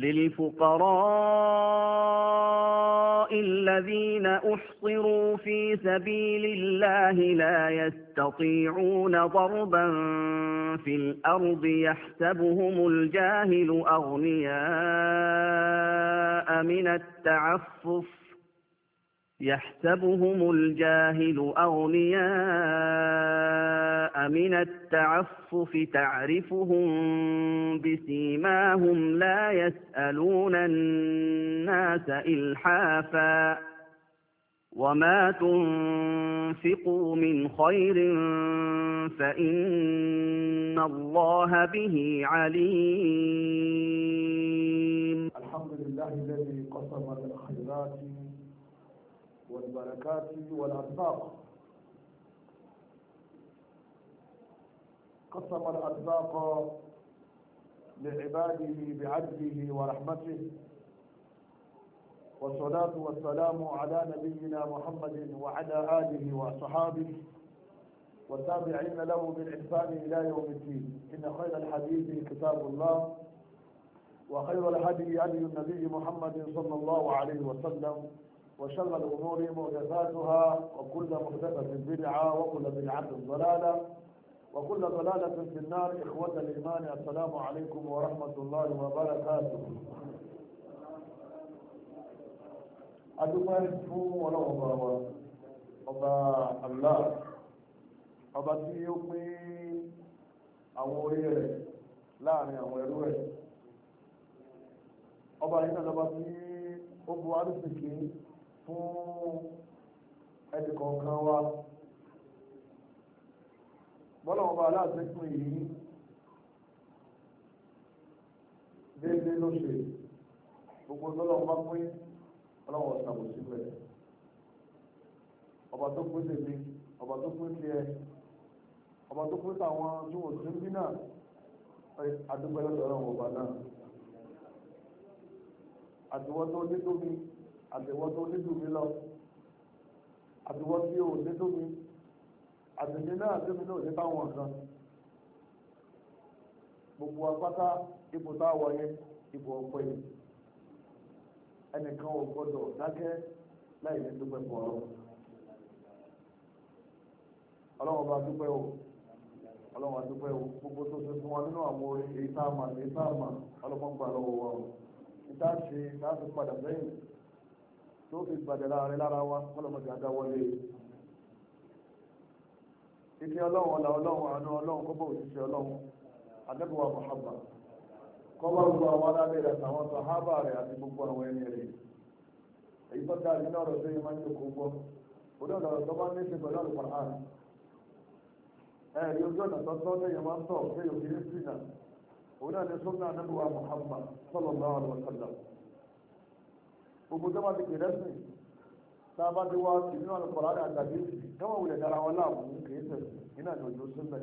للفقراء الذين أحصروا في سبيل الله لا يستطيعون ضربا في الأرض يحسبهم الجاهل أغنياء من التعفف يحسبهم الجاهل أغنياء من التعفف تعرفهم بسيماهم لا يسألون الناس إلحافا وما تنفقوا من خير فإن الله به عليم الحمد لله الذي قسم الخيرات البركات والأرزاق قسم الأرزاق لعباده بعدله ورحمته والصلاة والسلام على نبينا محمد وعلى آله وصحابه والتابعين له بالإحسان إلى يوم الدين إن خير الحديث كتاب الله وخير الهدي هدي النبي محمد صلى الله عليه وسلم وشر الأمور محدثاتها وكل محدثة بدعة وكل بدعة ضلالة وكل ضلالة في النار إخوة الإيمان السلام عليكم ورحمة الله وبركاته adúpẹ́ fún ọlọ́run ọba wa ọba Allah ọba tí ó pín àwọn orí rẹ̀ láàrin àwọn ẹrú rẹ̀ ọba yìí náà lọ́ba tí ó bu arúgbìkì fún ẹnìkọ̀ọ̀kan wa bọ́lá ọba aláàtẹ́kùn yìí déédé ló ṣe gbogbo tọ́lọ̀ bá pín ọlọ́wọ́ ṣàbò síbẹ̀ ọba tó pín tèmi ọba tó pín tiẹ̀ ọba tó pín tàwọn tí wọ́n sí ń bí náà adúgbẹ́lọ́dọ̀ ọlọ́wọ́ ọba náà àtiwọ́n tó dé tóbi àtẹ̀wọ́ tó nílù mi lọ àtẹ̀wọ́ tí ò ní tó mi àtẹ̀mí náà tó mi náà ní báwọn kan gbogbo apáta ipò tá a wọ yẹn ipò ọ̀pọ̀ yẹn ẹnìkan ò gbọdọ̀ dákẹ́ láì ní dúpẹ́ pọ̀ ọ́ ọlọ́run bá dúpẹ́ o ọlọ́run àdúpẹ́ o gbogbo tó ṣe fún wa nínú àwọn èyí tá a mà èyí tá a mà ọlọ́pàá ń gbà lọ́wọ́ wa o ìta ṣe láti padà sẹ́yìn tó fi gbàdẹ̀lá rẹ lára wa ọlọ́mọdé adáwọlé ìfẹ́ ọlọ́run ọ̀là ọlọ́run àánú ọlọ́run kó bọ̀ òṣìṣẹ́ ọlọ́run adẹ́bùwà Muhammad kọ́ bá gbogbo àwọn arábẹ́ rẹ̀ àtàwọn sàhábà rẹ̀ àti gbogbo àwọn ẹni rẹ̀ èyí tó dáa nínú ọ̀rọ̀ tó yẹ máa ń tó kó gbọ́ onídọ̀rọ̀ tó bá ní ṣe pẹ̀lú ọ̀rọ̀ pàhán ẹ̀rí ojú ọ̀nà tọ́tọ́ tó yẹ máa ń tọ̀ tó yẹ òkè ní sínà òun náà ní sọ́nà adẹ́bùwà Muhammad sallallahu alaihi wasallam gbogbo tó bá ti kéré sí tá a bá ti wá sí nínú àwọn kọ̀ọ̀lá àtàgé káwọn wulẹ̀ dára wọn láàmú kìí sẹ̀ nínú àjọ ìjọ sílẹ̀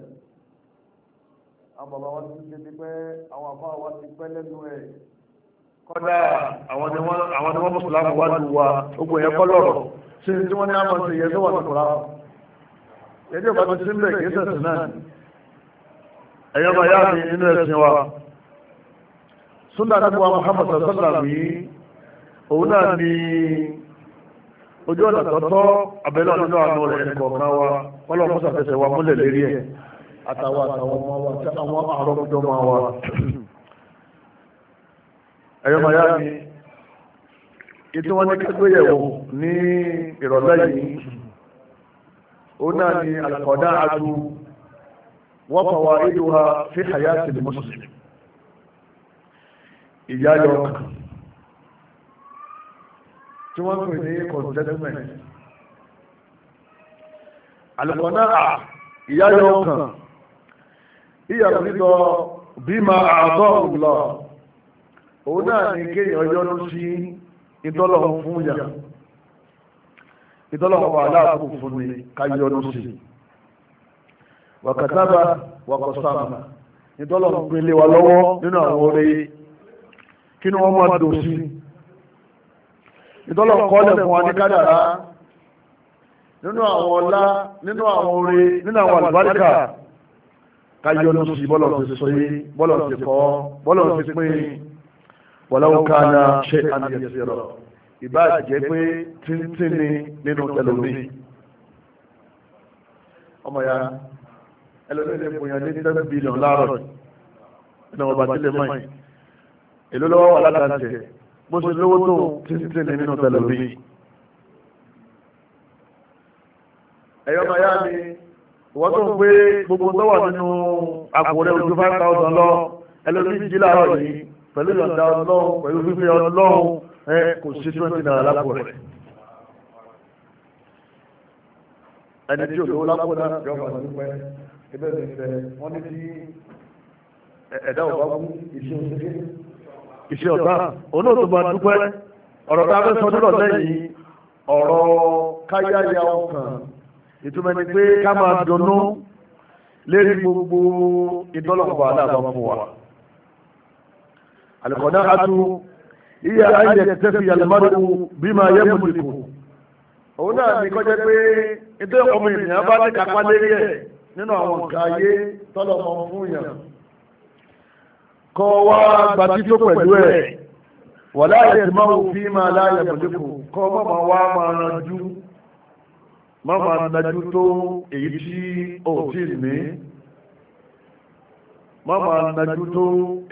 àwọn bàbá wa ti ṣe ti pẹ́ àwọn àbá wa ti pẹ́ lẹ́nu ẹ̀ kọ́dà àwọn ni wọ́n mùsùlùmí wá lù wá gbogbo yẹn kọ́ lọ́rọ̀ ṣe tí wọ́n ní àmọ́ sí yẹn tó wà ní kọ̀ọ̀lá ẹjọ́ bá ti sílẹ̀ kìí sẹ̀ sí náà ẹ̀yọ́ bá yá mi nínú ẹ̀sìn wa sunna nabi wa muhammad sallallahu alaihi wa sallam òun náà ni ojú ọ̀nà tọ́tọ́ abẹ́lẹ́ nínú àánú rẹ̀ nìkọ̀ọ̀kan wa kọ́lọ̀ mọ́sà fẹsẹ̀ wa múlẹ̀ lérí ẹ̀ àtàwọn àtàwọn ọmọ wa àti àwọn àrọ́mọdọ́ máa wa. ẹ̀yọ́ màá yá mi ètò wọn ní kágbéyẹ̀wò ní ìrọ̀lẹ́ yìí òun náà ni àlàkọ̀dá adu wọ́n fọwọ́ ìdúrà fi hayati mùsùlùmí ìyá yọ ọkàn tí wọ́n pè ní contentment alùpàdà ìyáyọ ọkàn ìyàwó nígbà bímọ àbọ̀ ọ̀gbọ̀lọ̀ òun náà ní kéèyàn yọnu sí ìdọ́lọ̀ fún yà ìdọ́lọ̀ wà láàbò fún mi ká yọnu sí wàkàtàbà wàkọ̀sàmà ìdọ́lọ̀ ń pèlè lọ́wọ́ nínú àwọn orí kí ni wọ́n máa dò sí ìtọ́lọ̀ kọ́lẹ̀ fún wa ní kádàrá nínú àwọn ọlá nínú àwọn oore nínú àwọn àlùbáríkà káyọ̀nù sí bọ́lọ̀ ti sọ yé bọ́lọ̀ ti kọ́ bọ́lọ̀ ti pín wọ́láwó káàná ṣe àníyẹsẹ̀rọ̀ ìbáàjẹ́ pé tíntín ni nínú ẹlòmí ọmọ ya ẹlòmí lè fòyàn ní ten billion láàárọ̀ ẹ̀nà ọba tí lè mọ̀ èlò lọ́wọ́ wà látàntẹ̀ bó ṣe lówó tó títí tẹ̀lé nínú tẹlẹ̀bí ẹ̀yọ́ máa yá ni ìwọ́n tó ń gbé gbogbo tó wà nínú àpòrẹ́ ojú five thousand lọ ẹlẹ́bí jí láàárọ̀ yìí pẹ̀lú ìyọ̀ǹda ọlọ́run pẹ̀lú fífi ọlọ́run ẹ kò sí twenty naira lápò rẹ̀ ẹni tí olówó lápò náà yọ ọmọ ọdún pẹ́ ẹgbẹ́ mi fẹ́ wọ́n ní kí ẹ̀dá ò kú ìṣe òṣèlú iṣẹ́ ọ̀tá olóòtú máa dúpẹ́ ọ̀rọ̀ tá a fẹ́ sọ nílò lẹ́yìn ọ̀rọ̀ káyáyá ọkàn ìtumọ̀ ni pé ká máa dunnú lérí gbogbo ìdọ́lọ́pọ̀ aláàbọ̀ fún wa. àlùkọ́dá atu iye ayẹyẹ tẹ́sí alimadu bí máa yẹ mùsùlùkù. òun náà ní kọjá pé ìdí ọmọ ènìyàn bá ní kápá lérí ẹ̀ nínú àwọn nǹkan ayé tọ́lọ̀ mọ́ fún yàn kọ́ wá gbatí tó pẹ̀lú ẹ̀ wà láyé tí máa fi máa láyé pẹ̀lú kọ́ má máa wá máa ranjú má máa najú tó èyí tí ò tí ní má máa najú tó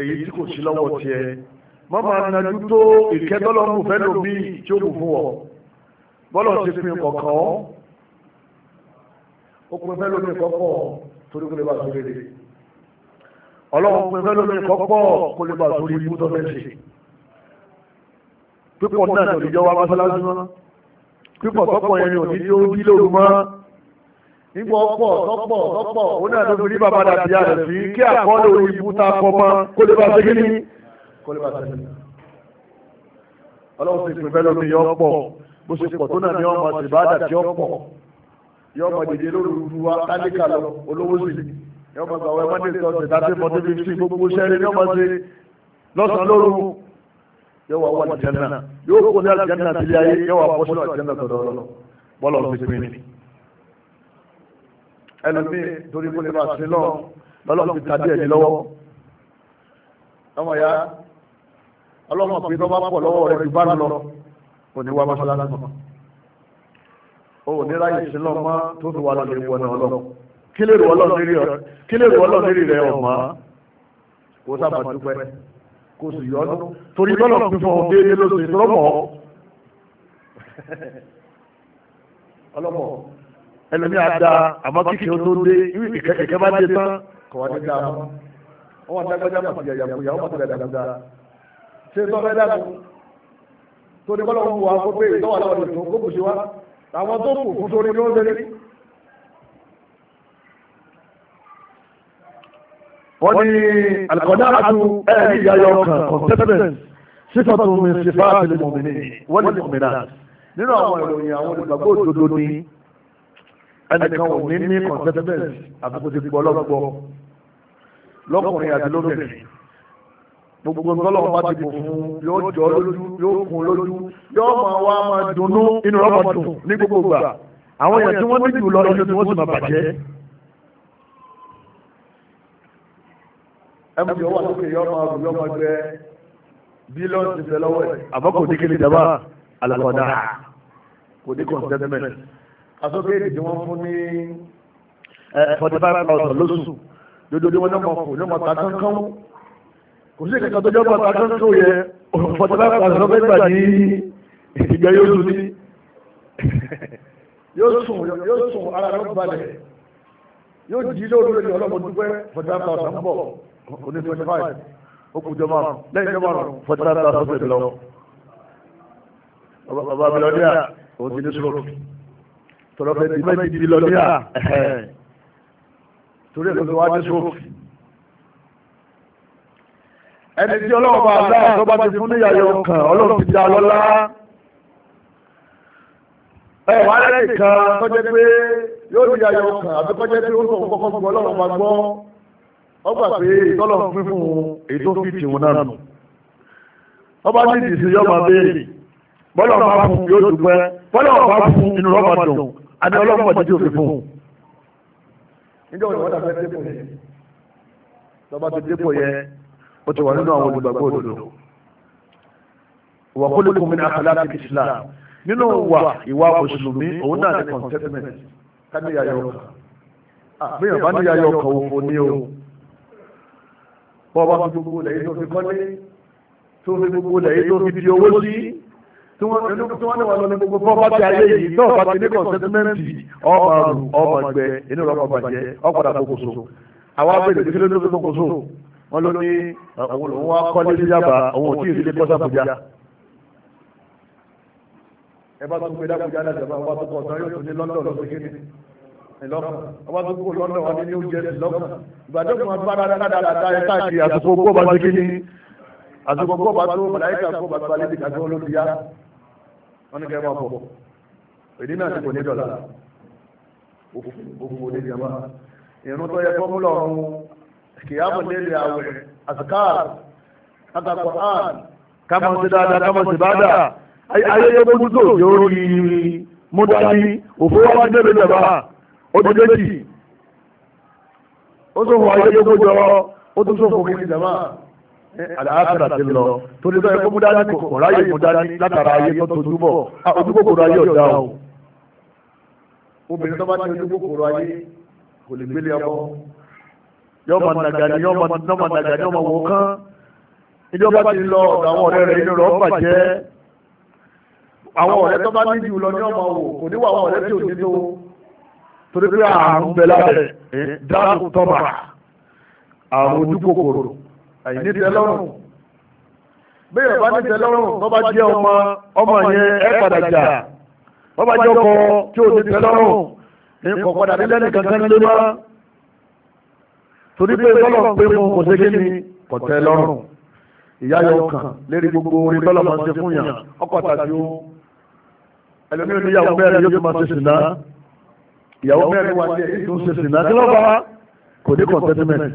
èyí tí kò sí lọ́wọ́ tiẹ̀ má máa najú tó ìkẹ́tọ́lọ́mù fẹ́ lómi tí ó mú fún ọ bọ́lọ̀ ti fi kọ̀ọ̀kan ó pin fẹ́ lómi kọ́kọ́ torí kò bá sórí rẹ̀ ọlọ́run pé fẹ́ lómi kọ́ pọ̀ kó lè bá torí ibú tó fẹ́ ṣe pípọ̀ náà ní òdìjọ́ wa mọ́sálásí mọ́ pípọ̀ tọ́pọ̀ yẹn ní òdìjọ́ orí lóru mọ́ nígbà ọ̀pọ̀ tọ́pọ̀ tọ́pọ̀ ó náà tó fi rí bàbá dàbí àrẹ̀ sí kí àkọọ́lẹ̀ orí ibú ta kọ́ mọ́ kó lè bá ṣe kí ni kó lè bá ṣe kí ni ọlọ́run ti pè fẹ́ lómi yọ pọ̀ bó ṣe pọ̀ tó náà ní ọmọ àtìbádà tí ó pọ̀ yọ ọmọ dìde yóò máa gbàwé monday thursday thirty forty fifty gbogbo sẹ́ni yóò máa ṣe lọ́sàn-án lóru yóò wá wà àlùjánnà yóò kó ní àlùjánnà sílé ayé yóò wá bọ́ sínú àlùjánnà tọ̀dọ̀ ọ̀rọ̀ bọ́ọ̀lù ọ̀sẹ̀ pé ní. ẹlòmíì torí kó lè máa sin lọ lọ́lọ́ fi ta díẹ̀ ní lọ́wọ́ ọmọ ya ọlọ́mọ pé tó bá pọ̀ lọ́wọ́ rẹ̀ ju bá lọ kò ní wá mọ́ṣáláṣí mọ́ o ò ní ráyè sílọ́ mọ́ tó fi wà lọ́lẹ́ ìwọ náà ọlọ́run kí lè rú ọlọ́run lérí rẹ ọ̀mọ́ kó sábà dúpẹ́ kó sì yọ ọdún torí lọ́lọ́ pín fún ọ̀hún déédéé ló sì tọ́lọ́mọ̀ ọlọ́mọ ẹlẹ́mí àdá àmọ́ kíkì ó tó dé ìkẹ́kẹ́ bá dé tán kọ̀ wá nígbà mọ́ wọ́n wá dágbájá màtí yàyàkuyà wọ́n màtí dàdàdà ṣé tọ́ fẹ́ dànù tó ní bọ́lá wọn wà kó pé ìtọ́wà láwọn ètò kó kù sí wa àwọn tó kù kú sórí ni ń wọ́n ní àlùkọ́dá àtú ẹ̀rí ìyáyọ kan consistent sísọ tó mi ṣe fáwọn àti mọ̀mìnì wọ́n ní mọ̀mìnà nínú àwọn ìròyìn àwọn olùgbàgbọ́ òdodo ní ẹnìkan ò ní ní consistent àbúkù ti gbọ́ lọ́gbọ́ lọ́kùnrin àti lóbìnrin gbogbo tọ́lọ́wọ́ bá ti bò fún yóò jọ lójú yóò kún lójú yóò máa wá máa dunnú inú rọ́bà dùn ní gbogbo ìgbà àwọn èèyàn tí wọ́n ní jù lọ lọ́jọ́ tí wọ́n sì máa bàjẹ́ ẹmùdí ọwọ́ àti ìyọ́ máa rú yọ́ máa jẹ bílíọ̀nù ti fẹ́ lọ́wọ́ ẹ̀ àmọ́ kò ní kíni jaba alakọ̀dá kò ní consentment asọ́kẹ́ èdè tí wọ́n fún ní forty five thousand lóṣù lójoojúmọ́ náà mọ̀ kò ní mọ̀ ta kánkán kò sí kankan tó jọ́ mọ̀ ta kánkán yẹ forty five thousand fẹ́ gbà ní ìgbà yóò sùn ní yóò sùn ara ló balẹ̀ yóò jí lóru lórí ọlọ́mọdúnpẹ́ forty five thousand bọ̀ oní twenty five ó kù jọ márùn lẹ́yìn jọ márùn forty nine thousand ọ̀sẹ̀ ìbílọ̀ bàbá bílọ̀díà òun ti ní stroke tọ̀rọ̀ fẹ́ di mẹ́tì bílọ̀díà torí ẹ̀ lọ́sọ̀ wá ní stroke ẹni tí ọlọ́run bá dá àtọ́bá ti fún níyàyọ̀ kan ọlọ́run ti dá lọ́lá ẹ wà lẹ́yìn kan kọjá pé yóò níyàyọ̀ kan àbí kọjá pé ó sọ̀rọ̀ kọ́kọ́ fún ọlọ́run bá ọgbà pé ìtọ́lọ̀ fún fún èyí tó fi tìwọn náà nù ọba ní ìdìsí yọ máa béèrè bọ́lá ọba fún yóò dúpẹ́ bọ́lá ọba fún inú rọ́bà dùn àti ọlọ́mọ títí òfin fún un. níjọ́ wọn wọ́n dàbẹ́ dépò yẹn lọ́ba ti dépò yẹn ó ti wà nínú àwọn olùgbàgbọ́ òdodo. ìwà kólíkù mi ní akọlá ti kìsìlá nínú ìwà ìwà mùsùlùmí òun náà ní contentment ká ní yàyà ọkà. àgbéyàn ah, bá ní yàyà ọkà òfò ní o bọ́ bá fi gbogbo lẹ́yìn tó fi kọ́lé tó fi gbogbo lẹ́yìn tó fi di owó sí tí wọ́n ní tí wọ́n ní wà lọ ní gbogbo pọ́pátì ayé yìí tó bá ti ní kọ̀ǹsẹ́tímẹ́ǹtì ọmọ àrùn ọmọ ẹgbẹ́ inú rẹ̀ ọmọ bàjẹ́ ọ̀padà gbogbo àwọn abẹ́rẹ́ ìdílé ló fi gbogbo wọn ló ní àwọn òun kọ́lé ní yàbá òun ò tí ì sílé kọ́sà bùjá ẹ bá tún pé dábùjá ìlọ́kàn ọba tó kó lọ́dọ̀ wọn ní oúnjẹ ìlọ́kàn ìbàdàn kan bára dáadáa ẹ̀ káàkiri àsìkò gbọ́ba tó kíni àsìkò gbọ́ba tó màláìkà gbọ́ba tó alẹ́ dìgbà tó lóbi yá wọn ní kẹ́ máa bọ̀ èdè náà ti kò ní dọ̀là òfò òde jàmbá ìrún tó yẹ fọ́múlà ọ̀run kìyàmù lélẹ̀ àwẹ̀ àsìkáàr àtàkọ̀ àn kámọ̀ dáadáa kámọ̀ sí bàdà ayẹyẹ ó ti méjì ó tó fọ ayélujára ó tó tó fọ kìkì jama àlàáfíà ti lọ torí bẹ́ẹ̀ kó múdá ní kò ráyè múdá ní látara ayé tó tó túbọ̀ ojú kòkòrò ọ̀dà o obìnrin tó bá ní ojú kòkòrò ayé kò lè gbélé ọmọ yọ ọmọ nàgà ni yọ ọmọ nàgà ni ọmọ wò kán ìjọba ti lọ ọ̀dọ̀ àwọn ọ̀rẹ́ rẹ̀ inú rẹ̀ ọ̀fà jẹ́ àwọn ọ̀rẹ́ tó bá ní jù lọ ní ọmọ wò kò níwọ̀ torí pé àrùn bẹ̀lá rẹ̀ eh, dáàbò tọ́ba àrùn ojúkòkòrò àìní tẹ́lọ́rùn bẹ́ẹ̀ bá ní tẹ́lọ́rùn bọ́bá jẹ́ ọmọ ọmọ yẹn ẹ padà jà bọ́bá jẹ́ ọkọ tí ò ní tẹ́lọ́rùn ní kọ̀kọ́dà nílẹ̀ nìkan kan lé mọ́ torí pé tọ́lọ̀ pé mo kò ṣe kíni kò tẹ́lọ́rùn ìyá yọ kàn lérí gbogbo orin tọ́lọ̀ máa ń ṣe fún yàn ọkọ̀ tàbí ó ẹlòmíràn níyàwó bẹ́ẹ̀ yóò fi máa ṣe sìn náà ìyàwó mẹ́rin wà ní èyí tó ń ṣe sìnà kí ló bá wa kò ní consentment.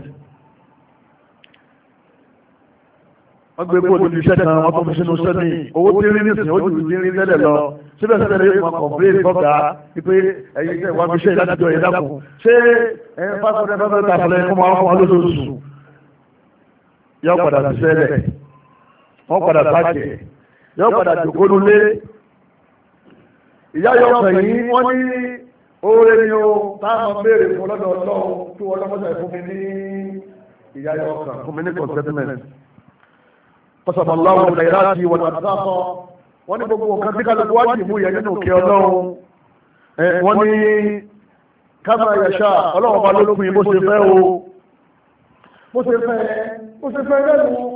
wọ́n gbé kó ní iṣẹ́ kan wọ́n tó fi sínú sẹ́ni owó tí rí nísìnyí ó ju rí lẹ́lẹ̀ lọ síbẹ̀síbẹ̀ lè mọ kọ̀m̀pléèdì fọ́gà pé ẹ̀yin tẹ̀ wá fi ṣe ìdájọ́ yẹn dákun ṣé fásitì ẹ̀fẹ́ fẹ́ tàfẹ́lẹ́ kó máa fún wa lóṣooṣù yọ padà sísẹ́lẹ̀ wọ́n padà bàjẹ́ yọ padà jòkó nulẹ̀ ìyá yọkàn yìí wọ́n ní oore ni o táwọn béèrè fún lọ́dọ̀ ọlọ́run tí wọ́n lọ́mọ́sẹ̀ fún mi ní ìyáyọ̀ ọkàn fún mi ní consentment. kọ́sọ̀bọ̀ ọlọ́run ọ̀gá ìlà ti wọ̀n àti àfọ́ wọ́n ní gbogbo nǹkan tí kálukú wá jì mú yẹn nínú kí ọlọ́run wọ́n ní kábà yẹ̀ṣà ọlọ́run bá ló pin bó ṣe fẹ́ o bó ṣe fẹ́ bó ṣe fẹ́ lẹ́nu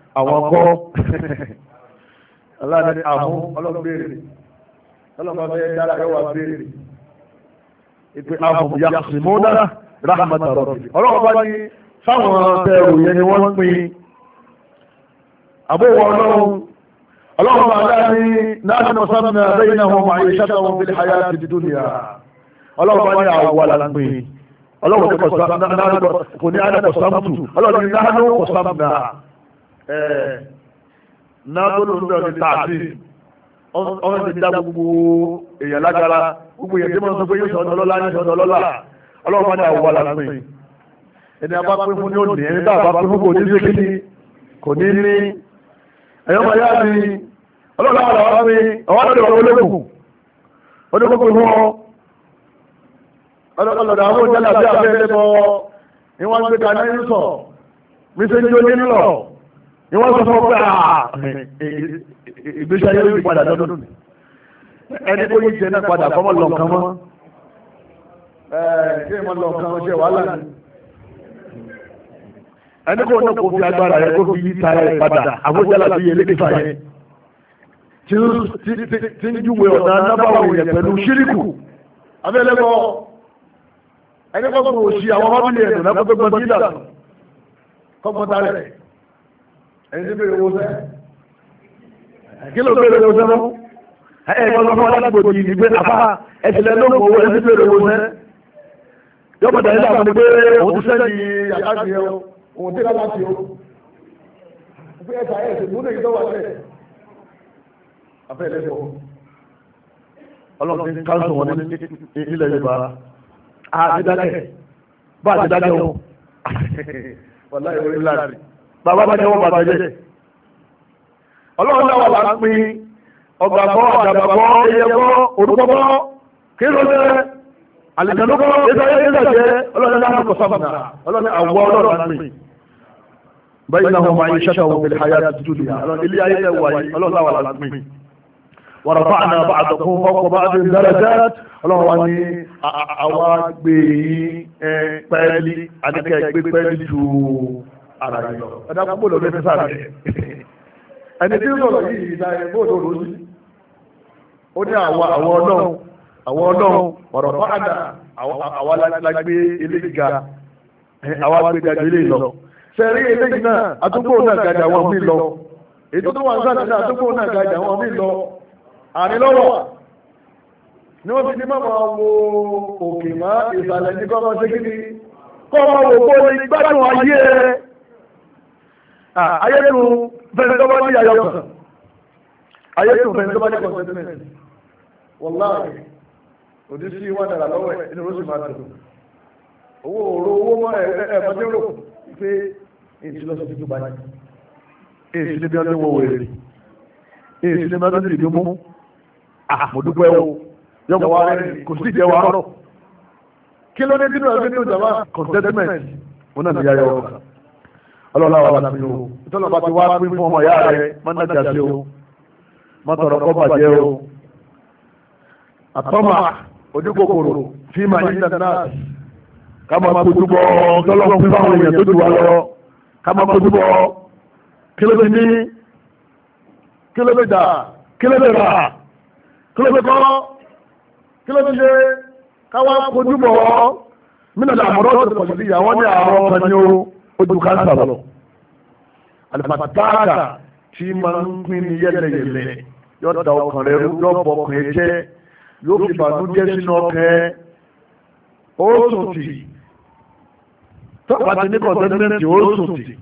àwọn kọ́ aláàdé àwọn ọlọ́gbèrè ọlọ́gbàfẹ́ dára yóò wá béèrè ìpè àwọn yàtìmọ́ dára rahmat rabbi ọlọ́wọ́ bá ní sáwọn ọ̀tẹ̀rù yẹn ni wọ́n pín àbúwọ̀ ọlọ́run ọlọ́run bá dá ní láti mọ̀ sáàmì àbẹ́yìn àwọn ọmọ àyè ṣáàtà wọn fi hayá ti dúdú ní ara ọlọ́run bá ní àwọn alápín ọlọ́run Eh, nágbónú ń gbogbo èèyàn lágara gbogbo èèyàn tí wọ́n pé yóò sọ̀dọ̀ lọ́la yóò sọ̀dọ̀ lọ́la ọlọ́run bá ní àwọn wàlà pín ẹni a bá pín fún ní òní ẹni tá a bá pín fún kò ní kí ni kò ní ní yá ó ní kókó fún ọ ni wọ́n sọ fún pé ah, ìgbésí ayé yóò padà dọ́dún ni ẹni tó yíjẹ náà padà fọmọ lọ nǹkan mọ́ ṣé ìmọ̀ lọ nǹkan ṣe wàhálà ni ẹni kò náà kò fi agbára rẹ kó fi yí tara rẹ padà àbójálà tó yẹ lẹ́kẹ̀fà yẹn tí ń júwe ọ̀nà anábàwò yẹn pẹ̀lú ṣíríkù abẹ́lẹ́kọ̀ ẹni kò kò sí àwọn fámìlì ẹ̀dùn náà kó gbẹgbẹ́ bí dà kọ́kọ́ tá rẹ̀ ẹni tí bèrè owó sẹ́ kí ló bèrè owó sẹ́ fún ẹ gbọ́n lọ́wọ́ alágbòdì yìí pé àbá ẹ̀sìnlẹ̀ ló mọ̀ owó ẹni tí bèrè owó sẹ́ yọ́pọ̀ tẹ̀lé àwọn ọmọ pé òun ti sẹ́ni àkáàtì ẹ̀ òun ti lábàtì ó pé ẹ̀ta ẹ̀ ṣe múlẹ̀ ìjọ wà lẹ̀ afẹ́ ẹ̀lẹ́sọ̀ ọlọ́run ti káńsọ̀ ní ilẹ̀ Yorùbá àti dákẹ́ bá àti dákẹ́ wọn bàbá bá jẹ́wọ́ bàbá jẹ́ ọlọ́run náà wà á pín ọgbàgbọ́ àdàbàgbọ́ ẹyẹgbọ́ orúkọ́gbọ́ kí ló jẹ́ àlìkànúkọ́ ìdáyé ìdájẹ́ ọlọ́run náà kò sábà ọlọ́run àwọ̀ ọlọ́run pín bẹ́ẹ̀ náà wọ́n ní àwa gbé pẹ́ẹ́lí àdékẹ́ gbé pẹ́ẹ́lí ju ara yìí lọ ẹ̀dá púpọ̀ lọ bẹ́ẹ̀ sára rẹ̀ ẹni tí ó sọ̀rọ̀ yìí ìta ẹ̀ bóòdó ló sí ó ní àwọn àwọn ọlọ́run àwọn ọlọ́run ọ̀rọ̀ fáadà àwọn alágbé ilé gíga àwọn agbégajú ilé lọ sẹ́rí eléyìí náà àdúgbò náà gàjà wọn mí lọ ètò tó wà ń sáà àdúgbò náà gàjà wọn mí lọ àrílọ́wọ̀ ni wọ́n fi ní máa wo òkè má ìsàlẹ̀ ní kọ́ ọmọ ṣe kí ni kọ́ gbádùn ayé rẹ̀. Ah, ayélu fẹ́ni tó bá ní ayọ̀ kan ayélu fẹ́ni tó bá ní consentment wàláhì òdì sí wà nàrà lọ́wọ́ ẹ̀ inú ló sì máa dùn owó òru owó mọ́ ẹ̀ ẹ̀ fọ́jú rò pé èsì lọ sí tuntun báyìí èsì níbi ọdún wo wèrè èsì níbi ọdún ìdí mú àmọ̀dúpẹ́ ah, o yọ̀bọ̀ wa kò sí ìjẹ́ wa rọ̀ kí ló ní nínú ẹgbẹ́ nínú jàmbá consentment wọn náà ní yáyọ ọkàn ọlọ́lá wà láti o ìtọ́lọ̀ bá ti wá pín fún ọmọ ìyá rẹ mọ́nájà sí o mọ́tọ̀rọ̀ kọ́ bàjẹ́ o àtọ́mà ojúkòkòrò tí màá yí dáná ká máa kojú bọ́ tọ́lọ́ fún fáwọn èèyàn tó jù wá lọ ká máa kojú bọ́ kílódé ní kílódé dà kílódé rà kílódé kọ́ kílódé ṣe ká wá kojú bọ́ mí nàdà tó pọ̀ sí ìyàwó ní àárọ̀ kan ní o ojú káńsà lọ àlùfàtàkà tí máa ń pín ní yẹ́lẹ̀yẹ̀lẹ̀ yóò da ọkàn rẹ yóò bọ ọkàn rẹ jẹ́ yóò fi bànújẹ́ sínú ọkàn ẹ ó sùn tì tọ́pàá ti ní kọ̀ńtẹ́nẹ́ǹtì ó sùn tì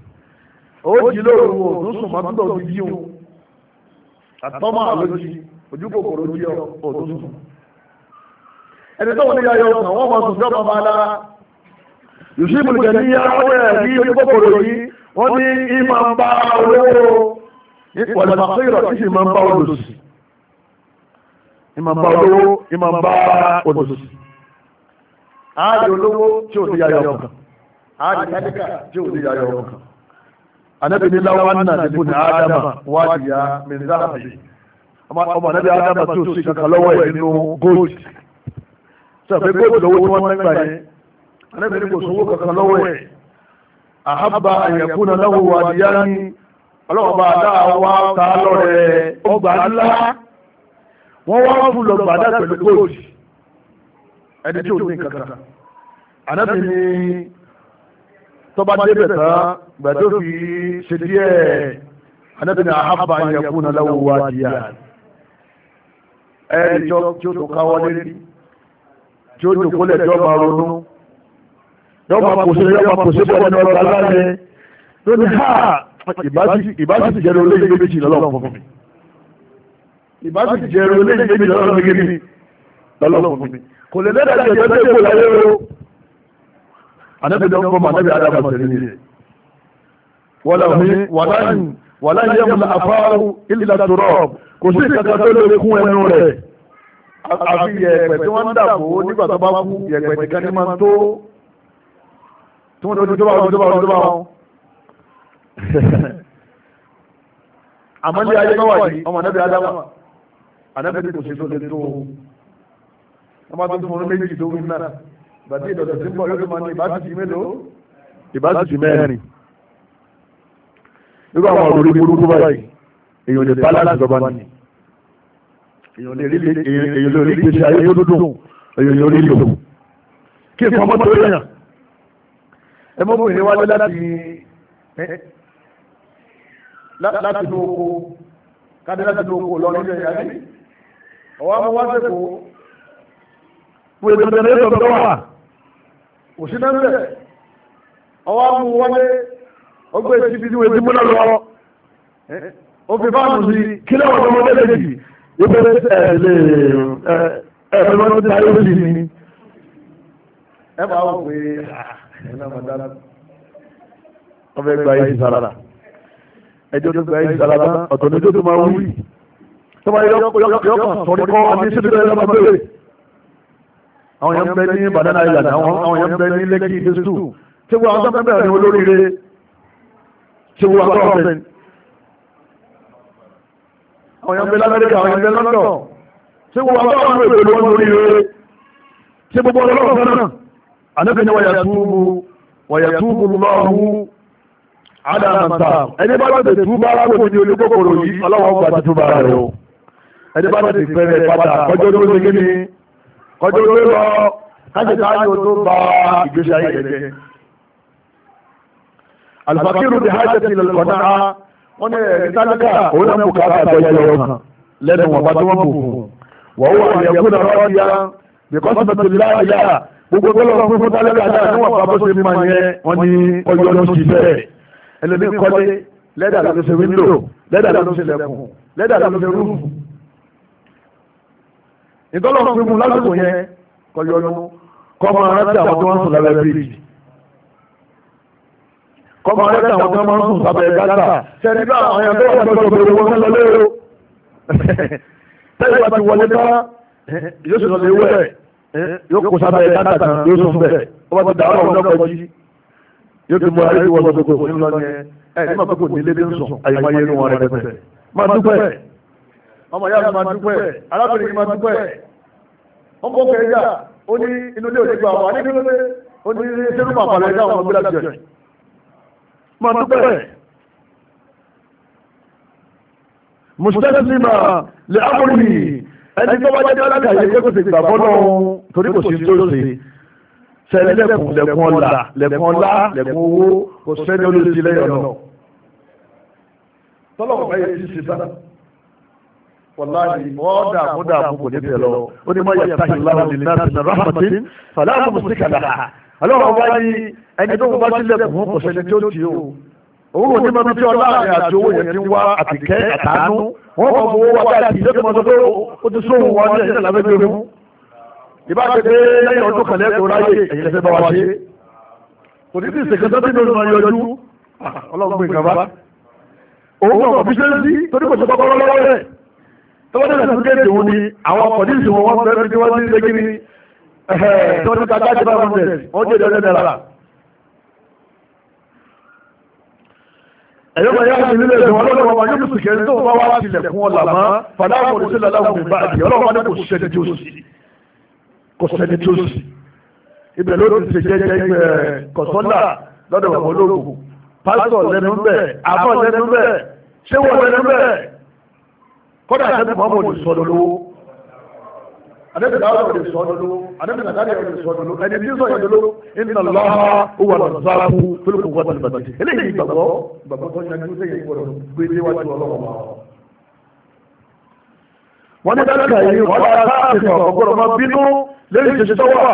ó jí lóru òtún sùn máa gbọ́dọ̀ ti yíwò àtọ́mọ́ àlójì ojú jí ọ sùn ẹni tó wọ́n ní yayọ ọkàn wọ́n máa sùn sí máa lára yusuf bùkẹ́ ní yàrá wẹ̀ ní ojú yìí wọ́n ní ìmọ̀ ń bá olówó ìpọ̀lẹ̀mọ̀kìrọ̀ tí sì máa ń bá olòsì ìmọ̀ ń bá olówó ìmọ̀ ń bá olòsì ààrẹ olówó tí ò ní yayọ ọkàn ààrẹ kádíkà tí ò ní yayọ ọkàn anábìnrin láwọn náà ní bùnú ádámà wádìí ya mìíràn ọmọ anábì ádámà tí ò sí kankan lọ́wọ́ ẹ̀ nínú gold sọ pé gold lówó tí wọ́n ń gbà yẹn anábìnrin kò sówó kankan lọ́wọ́ ẹ̀ àhábà àyẹ̀kúnà lọ́wọ́ wàdíyá ní ọlọ́ọ̀bá aláwa ta lọ́rẹ̀ ọgbà ńlá wọ́n wá fún lọ́gbà dá pẹ̀lú góòjì ẹni tí ò ní kàkà ànábì ni tọ́ba débẹ̀ tán gbàdó fi ṣe díẹ̀ ànábì ni àhábà àyẹ̀kúnà lọ́wọ́ wàdíyá ẹni tí ó tó káwọ́ lérí tí ó jòkó lẹ́jọ́ máa ronú yọ́ máa pòṣe yọ́ máa pòṣe bọ́ ẹni ọ̀rọ̀ aláàrẹ lónìí ha ìbáṣì jẹ́rọ olóyìn méjì lọ́lọ́run fún mi ìbáṣì jẹ́rọ olóyìn méjì lọ́lọ́run fún mi kò lè lẹ́dàá jẹ́ tó kò láyé o anábìdán kọ́ mànábì adama tẹ̀lé ni wọ́n mi wàláyìn wàláyìn yẹ́ mọ̀lá afárú ilà tòrọ̀ kò sí ìkàkà tó lè kún ẹnu rẹ̀ àfi yẹ̀pẹ̀ tí wọ́n ń dàbò nígbà tó bá kú yẹ̀pẹ̀ tí kan ní máa tó tí wọ́n tó dọ́bà wọn dọ́bà wọn dọ́bà wọn. àmọ́ ní ayé náà wà yìí ọmọ anábì adama anábì tí kò ṣe tó lè tó o ọmọ tó fún un méjì tó wí náà ìbàdí ìdọ̀tọ̀ tí ń bọ̀ yóò tó máa ní ìbátìtì mélòó ìbátìtì mẹ́rin irú àwọn òrùlé burúkú báyìí èèyàn lè balance ìjọba ni èèyàn lè rí gbèsè ayé tó dùn èèyàn lè rí lò kí ìfọmọ́tò yẹn ẹ mọ́ bìnrin wálé láti láti ní oko káde láti ní oko lọ nílẹ̀ ìyá mi ọwọ́ àwọn wá sẹ́kọ̀ọ́ pé jẹnẹrétọ̀ tó wà òṣìṣẹ́ náà ọwọ́ àwọn wálé ọgbẹ́ ìsibí tí wọ́n ti múná lọ́wọ́ ó fi bá àmì sí kí lọ́wọ́ tó mọ́ lẹ́lẹ́ yìí ìbẹ̀rẹ̀ ẹ̀lẹ́ ẹ̀ẹ́dẹ́gbọ́n ti ayé lójijì ni ẹ máa wọ pé wọ́n fẹ́ gba ìsì sára ẹjọ́ tó gba ìsì sára tán ọ̀tọ̀ ní ojú tó máa wí tọ́ba yọkàn sọ̀rí kọ́ àmì síbi tó yẹ lọ́mọ bẹ́ẹ̀ àwọn yẹn ń bẹ ní banana island àwọn yẹn ń bẹ ní lẹ́kì district tí wọ́n àwọn tó bẹ̀rẹ̀ ní olóríire tí wọ́n àwọn tó bẹ̀rẹ̀ àwọn yẹn ń bẹ lamẹ́ríkà àwọn yẹn ń bẹ london tí wọ́n àwọn tó bẹ̀rẹ̀ ní olóríire tí gbogbo ọlọ́run fẹ́ràn ànábì ni wàyàtúbù lọ́rùn àdàmàtà ẹni bá bá tètú bá rárá òní olùkókòrò yìí ọlọ́wọ́ gba tètú bá rẹ̀ o ẹni bá bá tètú bẹ̀rẹ̀ padà kọjọ́ tó ṣe kí ni kọjọ́ tó lọ káṣí káyọ̀ tó bá ìgbésí ayé rẹ̀ jẹ́. àlùfàkìrù ti hajj ti lọ kọ́nà á wọ́n ní ẹ̀rí tálákà òun náà mú káàkiri àtọ́yẹ lọ́wọ́ kan lẹ́nu wọn bá tó wọ́n bù fún wọ́n wọ́n gbogbo tó lọ fún fún tálẹ́kà náà níwọ̀n bá bó ṣe máa yẹ wọ́n ní ọyọ́ ló ti bẹ́ẹ̀ ẹlẹ́ni kọ́lé lẹ́dà ló ṣe wíńdò lẹ́dà ló ṣe lẹ́kùn lẹ́dà ló ṣe rúùfù. ìtọ́lọ̀ fún mu lásìkò yẹn kọyọ ọdún kọ́ máa rántí àwọn tí wọ́n sùn lábẹ́ bíríìjì kọ́ máa rántí àwọn tí wọ́n máa sùn sábẹ́ gátà sẹ́ni bá àwọn yàtọ̀ wọn lọ́dọ̀ wọn lọ́lẹ́ o tẹ́lẹ̀ bá ti wọlé tán yóò ṣe lọ́lẹ́ wẹ́ẹ̀ yóò kó sábẹ́ dáta kan yóò sún bẹ́ẹ̀ ó bá ti dà ọ́nà ọ̀nà ọ̀kọ̀ jí yóò ti mú ayé wọ sọ pé kò ní lọ ní ẹ ní ma pé kò ní lédè ń sùn àyè máa yé inú wọn rẹ pẹ́ máa dúpẹ́ ọmọ ìyá mi dúpẹ́ arábìnrin mi dúpẹ́ ọmọ òkè ìjà ó ní inú ilé òdìgbò àwọn àdéhùn ó ní sẹ́nu màmá rẹ̀ dá àwọn gbéra jẹ máa dúpẹ́ mùsùlùmí máa lè ábòrò ẹni tó bá jẹ́ alákàyè pé kò sì gbà bọ́nà torí kò sí tó sẹ́ni lẹ́kùn lẹ́kùn ọ̀la lẹ́kùn ọ̀la lẹ́kùn owó kò sẹ́ni olóṣèlú lẹ́yìn ọ̀nà tọ́lọ́kọ̀ bá yẹ ti ṣe sára wọ́n dààmú dààmú kò ní bẹ̀rẹ̀ lọ ó ní mọ̀yà táyì láwọn ní náà ti nàrà àmọ̀tí fàlà àmọ̀ sí àlọ́ wọn wá ẹni tó bá sílẹ̀ kùn kò sẹ́ni tó ti o owó tí mo ti ọlá rẹ̀ àti owó yẹn ti wá àtìkẹ́ àtàánú wọ́n mọ̀ owó wa káàkiri tó ti mọ̀ sọ́dọ́ ó ti sóhun wọn ní ẹ̀yìn lábẹ́ gbé fún. ìbáṣepẹ́ lẹ́yìn ọdún kan lẹ́kọ̀ọ́ ráyè ẹ̀yìn lẹ́sẹ̀ bá wa ṣe. kò ní ti ṣèkẹ́ sọ́dọ́ nínú ọmọ yọjú ọlọ́run gbé nǹkan bá. òun kò mọ̀ bí ṣe ń sí torí kò ṣe kọ́kọ́ lọ́wọ́ rẹ̀. tọ́wọ́dé sàtúkẹ́tì wọn ni àwọn ọkọ̀ ẹ̀yọ́gbà yá ti nílé ìdánwò ọlọ́run ọba yóò sì kẹrin tó bá wá tilẹ̀ fún ọlà mọ́ fàdáàmù ní sílẹ̀ aláwọ̀ mi báyìí ọlọ́run ọba ní kò sẹ́ni tí ó sì kò sẹ́ni tí ó sì ibẹ̀ ló anabi dawuda o de sọ dolo anabi nadari o de sọ dolo ẹni tí sọ yẹ dolo inna Allaha huwa al-razzaqu fúlùkù wà tìlùbàtì eléyìí gbàgbọ́ gbàgbọ́ tó yanjú sẹ́yìn gbọ́dọ̀ pé ilé wa ju ọlọ́wọ́ ma. wọ́n ní dáadáa yìí wọ́n bá a sáà ti sọ̀rọ̀ gbọ́dọ̀ máa bínú lẹ́yìn ìṣẹ̀ṣẹ̀ wà.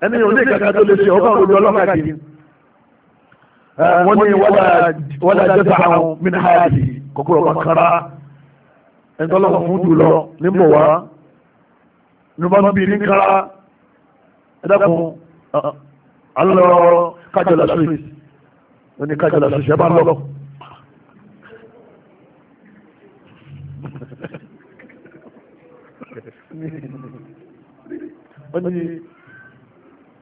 ẹni yóò ní kankan tó lè ṣe ọkọ òjò ọlọ́mọ àkìrí wọ́n ní wọ́n dájọ́ ta àwọn mínàájì kòkòrò kankara ẹni tó lọ́wọ́ fún jùlọ ní mbọ̀ wá ní bá bí ní kára ẹ alọ́ kájọlá street oní kájọlá street ẹ bá lọ́lọ́. wọ́n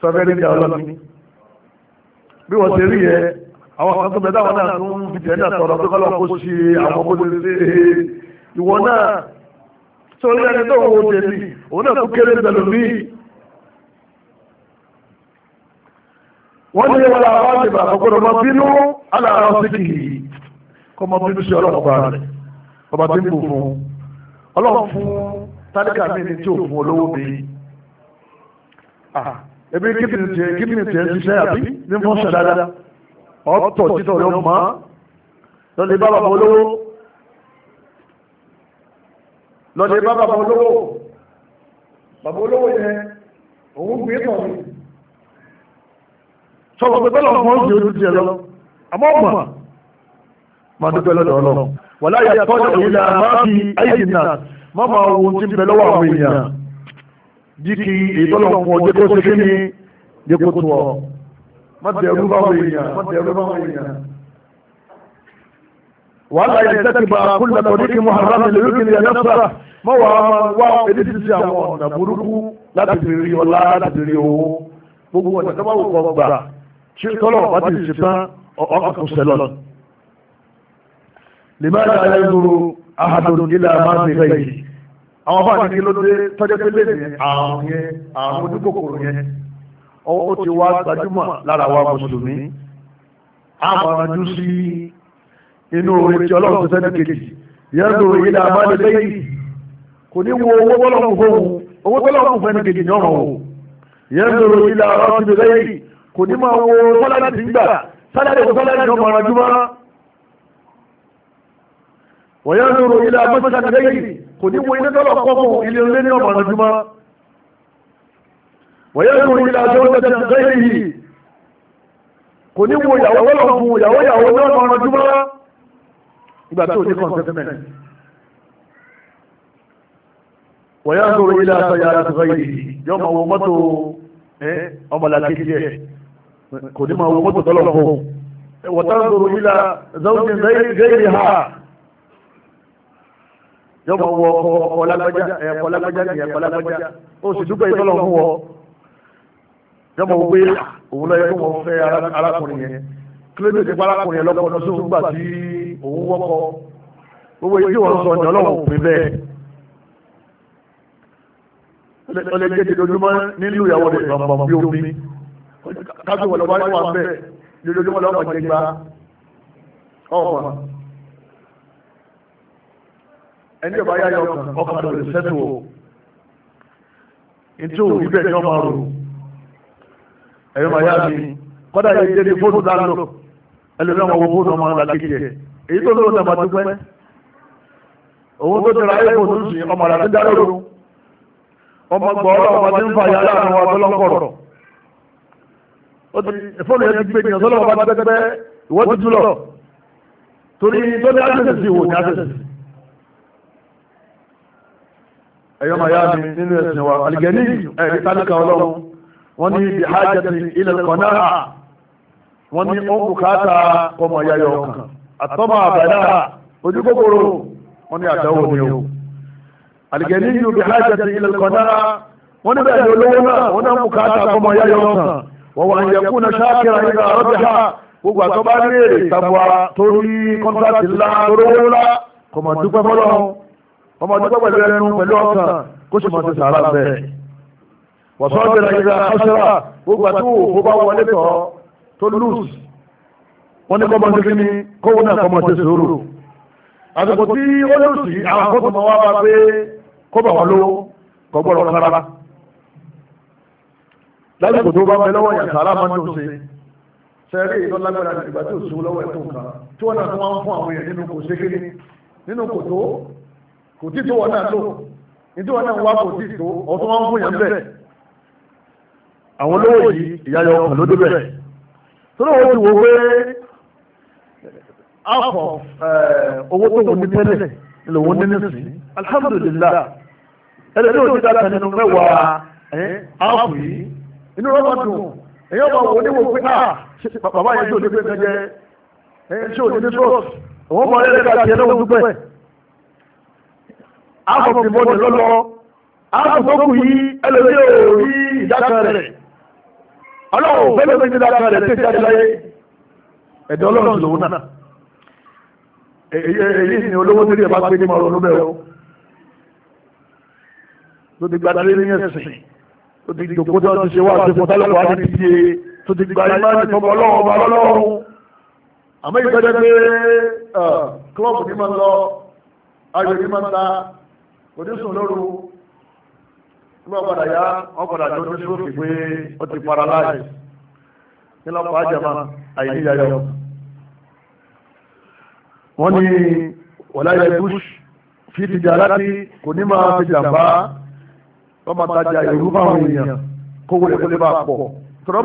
sọfẹ́ níjà ọlọ́run bí wọ́n ṣe rí yẹ àwọn kan tó bẹ táwọn náà tún fi tẹ̀ náà tọrọ pé kọ́lọ́ kó ṣe àwọn bó ṣe ṣe ìwọ náà sórí ẹni tó ń wo tèmi òun náà tún kéré pẹ̀lú mi. wọ́n ní wọn àwọn àdìbà àkọ́kọ́rọ́ ọmọ bínú aláàrọ̀ síkì kọ́ ọmọ bínú sí ọlọ́run ọba rẹ̀ ọba tí ń bù ebi kíndìnrín tiẹ̀ kíndìnrín tiẹ̀ ṣiṣẹ́ àbí ní fún ṣẹ̀ dáadáa ọ̀tọ̀ títọ̀ yóò mọ́ lọ́dẹ bá bàbá olówó lọ́dẹ bá bàbá olówó bàbá olówó yẹn òun gbé tọ̀ mí sọ̀rọ̀ pé bẹ́ẹ̀ lọ́wọ́ ń di ojú tiẹ̀ lọ àmọ́ ọ̀mà máa dúpẹ́ lọ́dọ̀ ọlọ́run wàláyà tọ́jú ìlànà máa fi ayé máa wo ohun tí ń bẹ lọ́wọ́ àwọn èèyàn jíkì ìtọ́lọ̀fún ọjọ́ kó ṣe kí ni jẹ́kó tó ọ mọ́tẹ̀rú báwọn èèyàn mọ́tẹ̀rú báwọn èèyàn wàhálà ilẹ̀ tẹ́tìbà kúlẹ̀ tọ́díkì muharram ilẹ̀ yókè ní ẹ̀yọ́sára mọ́wàá wá èdè ti ṣe àwọn ọ̀nà burúkú láti fi rí ọlá láti rí owó gbogbo ọ̀nà tó bá wù kọ́ gbà ṣé tọ́lọ̀ bá ti ṣe tán ọkùn sẹlọ̀ lè má dáa yẹn dúró ahadun ilẹ̀ amáhùn ìgbà yìí àwọn afọ àti kílódé tọ́jọ́ pé lè ní àrùn yẹn àrùn oníkòkòrò yẹn ó ti wá gbajúmọ̀ lára wa mùsùlùmí àmọ̀rànjú sí inú orin tí ọlọ́run tó sẹ́ni kejì yẹ́nu ilẹ̀ àbájọ lẹ́yìn kò ní wo owó tọ́lọ́run fóun owó tọ́lọ́run fẹ́ni kejì ní ọ̀rọ̀ o yẹ́nu ilẹ̀ àbájọ lẹ́yìn kò ní máa wo sálárì tí ń gbà sálárì kò sálárì ní ọmọ wọ́n yá lóru ilé abẹ́sẹ̀ lẹ́yìn kò ní wo ilé tọ́lọ̀ kọ́kọ́ ilé ilé ní ọmọ ọ̀nàjúmọ́ wọ́n yá lóru ilé abẹ́sẹ̀ lẹ́yìn kò ní wo ìyàwó lọ́wọ́ fún ìyàwó ní ọmọ ọ̀nàjúmọ́ ìgbà tó ní consentment yóò mọ wọ ọkọ ọkọ lágbájá ẹ̀kọ́ lágbájá ní ẹ̀kọ́ lágbájá ó sì dúpẹ́ ìtọ́lọ̀ fún wọ yóò mọ wípé ah, òun lọ yẹ kó wọn fẹ́ arákùnrin yẹn kílódé ti pa arákùnrin yẹn lọ́kọ̀ lọ́sọ̀ nígbà tí òun wọ́kọ gbogbo ìdí wọn sọ ní ọlọ́wọ́ òpin bẹ́ẹ̀ ó lè jẹ́ jẹjọjúmọ́ nílùú ìyàwó rẹ̀ bàbà bí omi kájú wọn lọ bá wà bẹ́ẹ̀ jẹjọjúmọ́ lọ́kọ̀ jẹ ẹni ọba yáyọ ọkàn tó sẹ́tù o ní tí ò rí bẹ́ẹ̀ ni ọmọ rò ẹ̀yọ́ máa yá mi kọ́dà yẹ jẹ́ ní fóònù dánlò ẹlẹ́dẹ́ ọmọ wo fóònù ọmọ làkejì ẹ̀ èyí tó lóun náà dúpẹ́ òun tó tẹ̀ra ayé fóònù sí ọmọ làkejì dá lóru ọmọ gbọ́ọ́rọ́ ọmọ tí ń fa yàrá àwọn abọ́lọ́kọ̀rọ̀ fóònù yẹn ti gbé ènìyàn sọ́lọ́ ọba tẹ́tẹ́ ìwọ́n ẹ̀yọ́ màá yá mi nínú ẹ̀sìn wa àlìgẹ́ni ẹ̀rí tálíkà ọlọ́run wọ́n ní ibi hajjati ilẹ̀ kọ̀nà wọ́n ní ó ń bùkátà ọmọ yayọ̀ kan àtọ́mọ àbàdà ojú kòkòrò wọ́n ní àdáwò ni o àlìgẹ́ni yóò bí hajjati ilẹ̀ kọ̀nà wọ́n ní bẹ́ẹ̀ olówó náà wọ́n náà bùkátà ọmọ yayọ̀ kan wọ́n wà ń yẹ kúnà ṣáàkìrà ìgbà àrọ́bìhà gbogbo àtọ́ ní èrè ìtàbùà torí kọ́ńtàtì ńlá torówó ńlá kọ̀mọ̀ dúpẹ́ ọmọ tó pẹ̀lú ẹnu pẹ̀lú ọkàn kó sì máa ti sàrà bẹ́ẹ̀ wọ̀sán bẹ̀rẹ̀ ìgbà ọ̀ṣọ́ra gbogbo àti òkú bá wọlé tọ̀ tó lùs wọ́n ní kọ́mọ tuntun ní kówó náà kọ́mọ ti sòrò àsìkò tí ó lè sí àwọn akọ́tù mọ́ wá bá pé kó bà wọ́n lówó kọ́ gbọ́dọ̀ wọn tó bá wọn lọ́wọ́ yàn kò tí tó wọ́n náà tó nítorí wọn náà wá kò tí tó ọ̀tún wọn fún yẹn bẹ́ẹ̀ àwọn olówó yìí ìyáyọ ọkàn ló débẹ̀ tó lóun ti wò pé akọ eh, owó tó wù ní tẹ́lẹ̀ lòun ní nísìnyí alhamdulillah ẹ̀rẹ́ ní òjijì àtàn nínú mẹ́wàá eh, akọ yìí inú rọ́bà dùn èyí ọba wò ní wò pé ah bàbá yẹn tó ní pé kẹjẹ eh, ṣé òní ní trọ́ọ̀sì òun bọ̀ ẹ́rẹ́ ká tiẹ̀ lọ́wọ́ dúpẹ́ àfọ̀bọ̀bọ̀dẹ̀ lọ́lọ́ àfọ̀bọ̀kù yìí ẹlòmí ò rí ìdákẹrẹ ọlọ́run fẹ́lẹ́ fẹ́lẹ́ ìdákẹrẹ tí ìjáde láyé ẹ̀dọ́ ìgbẹ́jẹ́ pé kílọ̀bù ní máa lọ ayò ní máa ta onísùn lóru nígbà padà yá ọ̀padà tó ní sófì pé ó ti paralyze nílọ́pàá àjàmá àìníyàyọ. wọ́n ní bush fi ti jà láti kò ní máa fi jàmbá wọ́n máa tajà ìlú fáwọn èèyàn kó wọlé kó lè bá pọ̀ tọ́lọ́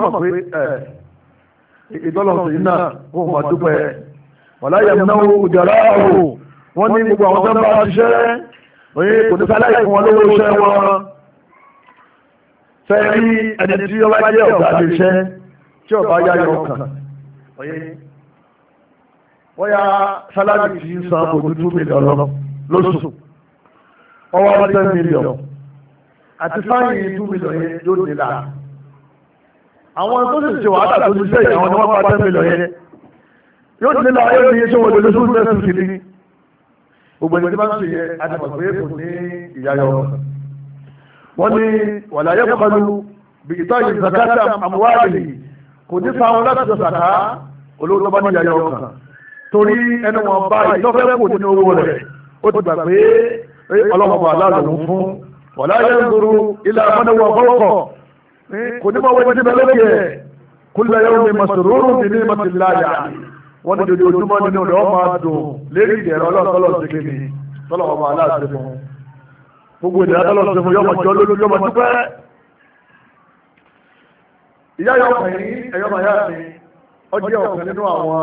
mọ̀ pé oye kò ní sáláì fún wọn lówó iṣẹ́ wọn fẹ́rí ẹni tí ó bá jẹ́ oye wọ́n yá sáláì tí ń san kò ní two million lọ lóṣù ọwọ́ one ten million àti fáyìn two million yẹn yóò nílà àwọn tó sì ṣe wàhálà tó ti ṣe ìyàwó ni wọ́n yẹn yóò nílà yóò ní iṣẹ́ wọn lóṣù tẹ̀sí kìíní gbogbo ẹni tí bá ń sè yẹ adamọ̀ pé kò ní ìyáyọ wọ́n ní wàlàyé kọlu bìtọ́ yìí zakata amuwaali kò ní fáwọn láti sọ sàkà olórí tó bá ní ìyáyọ kan torí ẹnu wọn bá ìtọ́fẹ́ kò ní owó rẹ̀ ó ti gbà pé ọlọ́mọba aláàlú fún wàlàyé ń dúró ilé amánẹ́wọ̀ fọ́kọ̀ kò ní bá wọ́n ti bẹ lókè kúlẹ̀ yóò ní masurúrú ní ní masilaya wọ́n ní dojoojúmọ́ nínú rẹ̀ wọ́n máa dùn lérí ìdẹ̀rẹ̀ ọlọ́ọ̀tọ́lọ̀ ṣe kéde tọ́lọ̀ ọmọ aláàṣẹ fún un gbogbo ìdẹ̀rẹ̀ tọ́lọ̀ ṣe fún yọmọ jọ lójú yọmọ dúpẹ́. ìyá yọ ọkùnrin ẹ̀yọ́ màyá mi ọjọ́ ọ̀kan nínú àwọn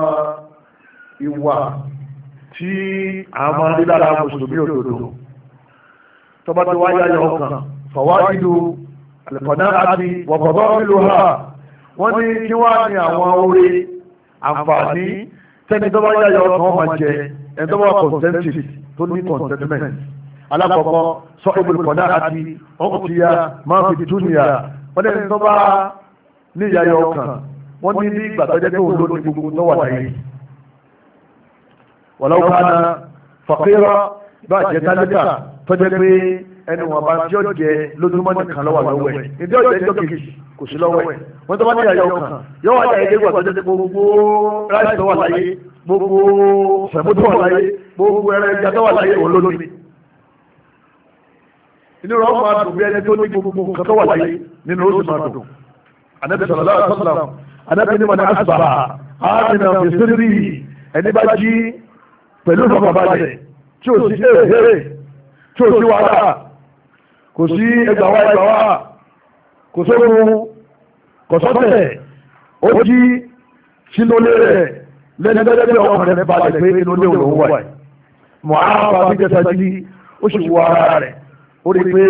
ìwà tí àwọn máa ń lára mùsùlùmí òdòdó tọ́ba tó wáyé ayọ̀ ọkàn fọwájú wọ́n ní kí wá ní àwọn oore àǹfààní tẹ́ni tó bá yáyọ ọkàn ọmọ jẹ ẹni tó bá consensus tó ní consentment alákọ̀ọ́kọ́ sọ ebùn kọ̀dá àti ọkùnriya máa fi túnìyà wọ́n lẹ́ni tó bá ní yáyọ ọkàn wọ́n ní ní ìgbà tó jẹ́ pé ló ní gbogbo tó wà láyé wọ́n lọ́wọ́ fàkírọ́ bá jẹ́ tálíkà tó jẹ́ pé ẹnu wọn bá tí ó jẹ lójúmọ́ nìkan lọ́wọ́ lọ́wọ́ ẹ̀ ní tí ó jẹ jọ́kì kò sí lọ́wọ́ ẹ̀ wọ́n tó bá níyà yọ kàn yọ wà láyé dégbà tó jẹ́ gbogbo ráìsì tó wà láyé gbogbo sẹ̀mú tó wà láyé gbogbo ẹran ẹja tó wà láyé òun ló ní. inú rẹ̀ máa dùn bí ẹni tó ní gbogbo nǹkan tó wà láyé nínú ó sì máa dùn. ànábì sọ̀rọ̀ lára sọ́sọ̀rọ̀ ànábì ní wọn ni asùbà àádìnà fèsìrì ẹni bá jí pẹ̀lú ìfọ̀kànbalẹ̀ tí ò sí èrè eh, eh, eh, tí ò sí wàhálà kò sí ẹgbàwá ẹgbàwá kò sóhun kò sọ́tẹ̀ ó jí sínú ilé rẹ̀ lẹ́ni lẹ́gbẹ̀ẹ́ ọkùnrin rẹ̀ balẹ̀ pé inú ilé òun wà yìí mọ̀ á bá fi jẹta jí ó sì wọ ara rẹ̀ ó rí pé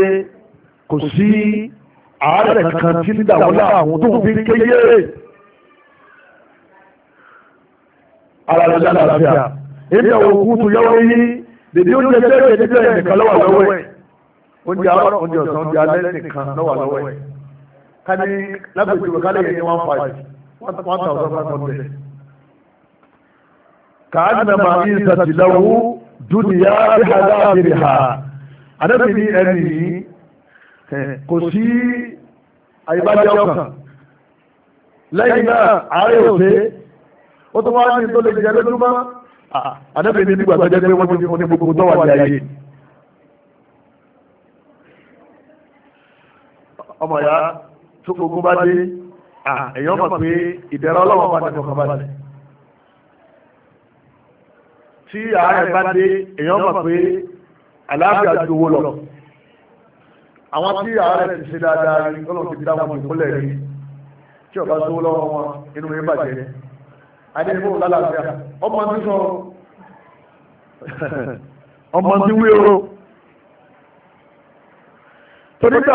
kò sí àárẹ̀ kankan tí ń dàwọ́ láàwọn tó fi kéyé ara rẹ̀ dáadáa àlàáfíà èmi àwọn òkú tó yọwọ́ yí dèdè ó jẹ́ tẹ́lẹ̀ tẹ́lẹ̀ nìkan lọ́wọ́ lọ́wọ́ ẹ̀ oúnjẹ àárọ̀ oúnjẹ ọ̀sán oúnjẹ alẹ́ nìkan lọ́wọ́ lọ́wọ́ ẹ̀ ká ní lágbègbè ká lẹ́yìn ní one five one thousand five hundred. kàánì mẹ́ma ní ìsàtìlẹ́wò dúnìyà ìhàdá àbìrìhà àdẹ́bí ní ẹni yìí kò sí àyíbájẹ́ ọkàn lẹ́yìn náà àárẹ̀ òde ó tún wá ní tó lè jẹ́ lójúmọ́ àdẹ́bí ní nígbà pé wọ́n ti fún ní gbogbo tó wà ní ayé. ọmọ ya tó gbogbo bá dé èèyàn mọ̀ pé ìdẹ̀rọ ọlọ́wọ́ bá dẹ̀ kọ̀ọ̀kan balẹ̀ tí àárẹ̀ bá dé èèyàn mọ̀ pé àlàáfíà ju owó lọ àwọn tí àárẹ̀ ti ṣe dáadáa ní ọlọ́run ti dá wọn ìpínlẹ̀ rí tí ọba sówó lọ́wọ́ wọn inú rẹ̀ bàjẹ́ adébó lálàáfíà ọmọ tí sọ ọmọ tí o torí gbà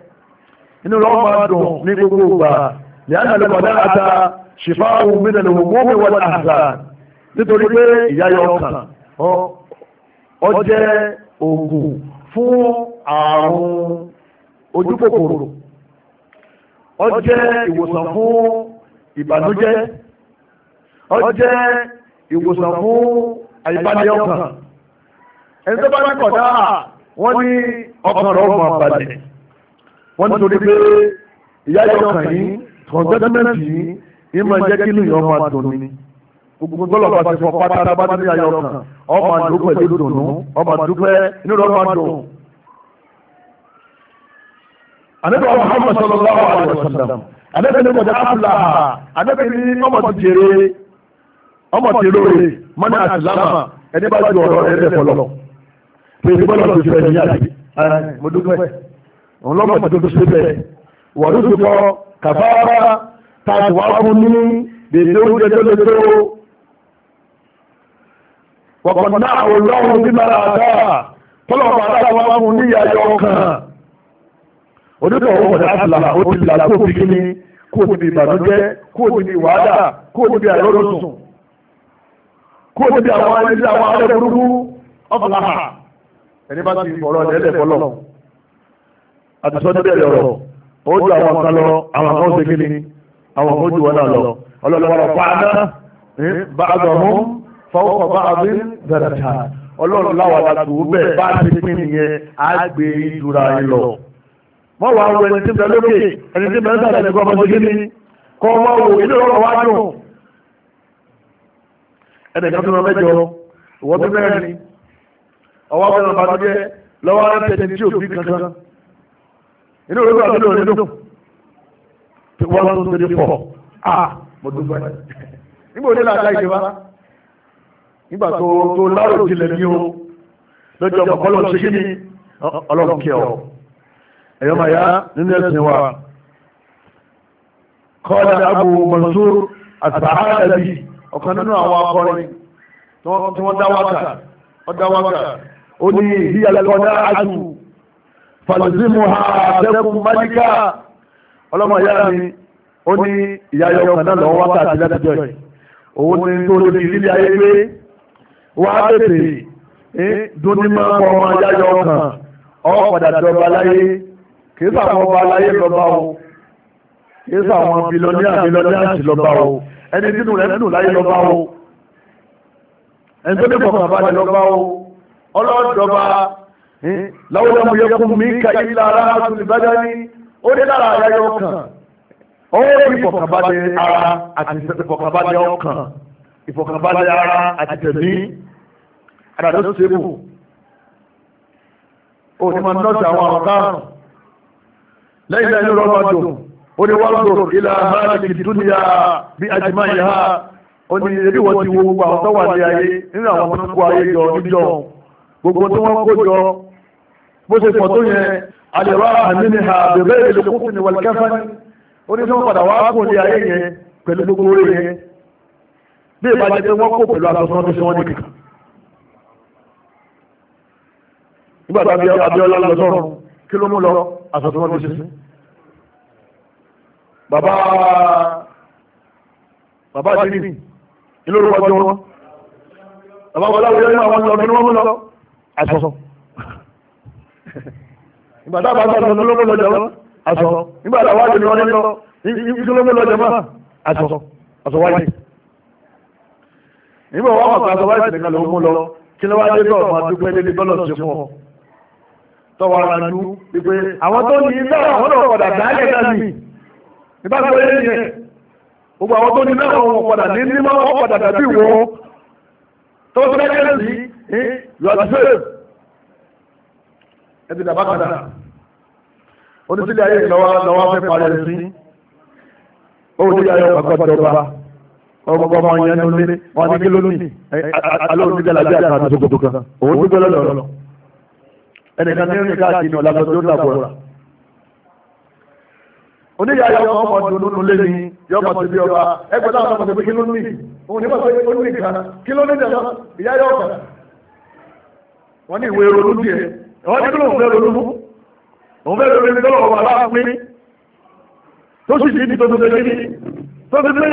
inú lọ́wọ́ máa dùn ní gbogbo ìgbà lẹ́yìn àlùkò náà ata ṣèfà ohun mílẹ̀ lòun mú mi wọlé àṣà nítorí pé ìyá yọ ọkàn ọ jẹ́ oògùn fún àrùn ojúkòkòrò ọ jẹ́ ìwòsàn fún ìbànújẹ́ ọ jẹ́ ìwòsàn fún àyípadà ọkàn ẹni tó bá ń kọjá wọ́n ní ọkàn rọ̀ ọmọ àbàlẹ̀ wọ́n ní torí pé ìyá yọ kàn yín kọ̀ǹtẹ́tímẹ́ǹtì yín yín máa jẹ́ kí nìyọ́ máa dùn ní. gbogbo gbọ́dọ̀ bá ti fọ pátá bá ní ayọ̀ kan ọmọ àdúpẹ́ ló dùnú ọmọ àdúpẹ́ inú rẹ̀ máa dùn. àdébẹ̀ ọmọ Muhammad sallallahu alaihi wasallam àdébẹ̀ ní ọjà áfúlà àdébẹ̀ ní ọmọ ti jèrè ọmọ ti lóore mọ́nà àtìlámà ẹni bá ju ọ̀rọ̀ ẹ̀rẹ́ fọlọ́ òun lọ́mọ tó tó ṣe bẹ́ẹ̀ wọ́n ló ti kọ́ kàfárá tá a ti wá fún ní dèdè oúnjẹ tó lè tó wọ̀pọ̀ náà olóhùn bí mara àdá tọ́lọ̀pọ̀ aláwọ̀ wá fún níyàyọ̀ kan onígbà owó ọ̀dà àtìlà ó ti là kó fi kíní kó níbi ìbànújẹ́ kó níbi wàhálà kó níbi àìrọ́lọ́sùn kó níbi àwọn ilé àwọn arẹ́ burúkú ọ̀fọ̀láhà ẹni bá ti fọ̀rọ̀ ẹ̀lẹ́fọ̀lọ́ àti sọ́dún bẹ̀rẹ̀ ọ̀rọ̀ ó ju àwọn kan lọ àwọn kan ó ṣe kíni àwọn kan ó ju wọn náà lọ ọlọ́lọ́wọ́rọ̀ pàdá bá a dọ̀ mú fọwọ́kọ̀ bá a bí bẹ̀rẹ̀ ta ọlọ́run láwọn àgbò bẹ́ẹ̀ bá a ti pín nìyẹn á gbé ìdúrà yìí lọ. mọ́ wàá wọ ẹni tí bẹ lókè ẹni tí bẹ ń sàlẹ̀ nìkan ọmọ kíni kọ́ ọmọ wò ilé ọ̀rọ̀ wá dùn. ẹnìkan tó lọ mẹ́jọ ìwọ́n tó mẹ́rin ọwọ́ fẹ́ràn bá tó jẹ́ lọ́wọ́ inú olóògbé àti olóòrè dùn tí wọ́n tó tó dé pọ̀ a mo b'a nígbà òde làtà ìjọba nígbà tó tó jinlẹ̀ ní o lọ́jọ́ ọmọ kọ́lọ́ ṣe kí ni ọlọ́run kí ọ ẹ̀yọ́ màá yá nínú ẹ̀sìn wa kọ́lá Abu ọ̀kan nínú àwọn akọrin tí wọ́n dá wákà ó ní ìdíyàlẹ́kọ̀ọ́ dá fàlùsímù ha àtẹ́kùn mẹ́ríkà ọlọ́mọ ìyá mi ó ní ìyá yọ kan náà lọ́wọ́ wákàtí lẹ́tọ́jọ́ yìí òun ní tó lè fi ilé ayé gbé wá tètè dún ní máa kọ́ ọmọ ìyá yọ kan ọ́ padà dọba láyé kìí sàwọn ọba láyé lọ́ba o kìí sàwọn bilọ́níà bilọ́níà sì lọ́ba o ẹni dínú rẹ̀ dínú láyé lọ́ba o ẹni tó ní kọ̀ọ̀kan balẹ̀ lọ́ba o ọlọ́dọba. láwọn ọmọ yẹ kún mi ka ilà ara àtúnibájá ní ó dé lára àyà yọ kàn ó rí ìfọ̀kànbalẹ̀ ara àti ìfọ̀kànbalẹ̀ ọkàn ìfọ̀kànbalẹ̀ ara àti tẹ̀mí àdàdó sébù ó ní máa nọ́ọ̀tì àwọn àwọn kárùn náà inú rọ́bà dùn ó ní wọ́n dùn ilà ara kìkì dúnìyà bí na yìí ha ó ní ebi wọ́n ti wo gbogbo àwọn tó wà ayé nínú àwọn tó kó ayé jọ níjọ gbogbo tí wọ́n kó jọ bó ṣe pọ̀ tó yẹn àlèrò àmìnì ha bèbè ìlú kúfin ìwà kẹfẹ́ni padà wá kò ní ayé yẹn pẹ̀lú gbogbo orí yẹn bí ìbájẹ́ pé wọ́n kó pẹ̀lú àtọ́sán tó ṣe nìkan nígbà tí Abíọ́lá lọ sọ́run kí ló mú lọ àtọ́sán tó ṣe sí bàbá bàbá àdínì ìlú orúkọ jọ wọn bàbá wọlé àwọn ọmọ ọmọ ọmọ ọmọ lọ àtọ́sán ìgbà tá a bá gbàgbọ́ lọ́gbọ́n lọ́jọ́ mọ́ aṣọ nígbà tá a wá jẹun ọdún lọ ìgbìlógún lọ́jọ́ mọ́ aṣọ aṣọ wáyé nígbà wà wà aṣọ wáyé nìkan ló mú lọ kí ló wá dé bọ̀ ọmọ àdúgbò ẹlẹ́ni bọ́lọ̀ ṣe fún ọ tọwọ́ ara nú wípé àwọn tó ní ilé àwọn náà padà dálẹ̀ náà nì nígbà tó yẹ yẹ gbogbo àwọn tó ní náà wọn padà ní ní máa wọn padà dàbí wọn tó tó bẹ́ẹ̀ ẹbí dàbá kàdà onísílẹ̀ ayé lọ́wọ́ fẹ́ parí ẹ̀ sí owó tí ayé ọkọ̀ jọba ọmọ ọmọ yẹn ní ilé wọn ní kí ló ní alẹ́ onígbà lábẹ́ àti àti àtòkòtò kan òun ní gbẹ́lẹ́ lọ́rọ̀ ẹnìkan ní ìrìn káàkiri ní ọ̀làbọ̀ tó dàbọ̀ra oníyà ayé ọmọ ọmọ dùn nínú lé ní yọmọ tó bí ọba ẹgbẹ́ láwọn ọmọ tó bí kí ló ní wọ́n ní kílò òun fẹ́ lórí fún òun fẹ́ lórí ní tọ́lọ̀ ọba aláàpín tó sì sí ní tó tó tó ní tó ti pé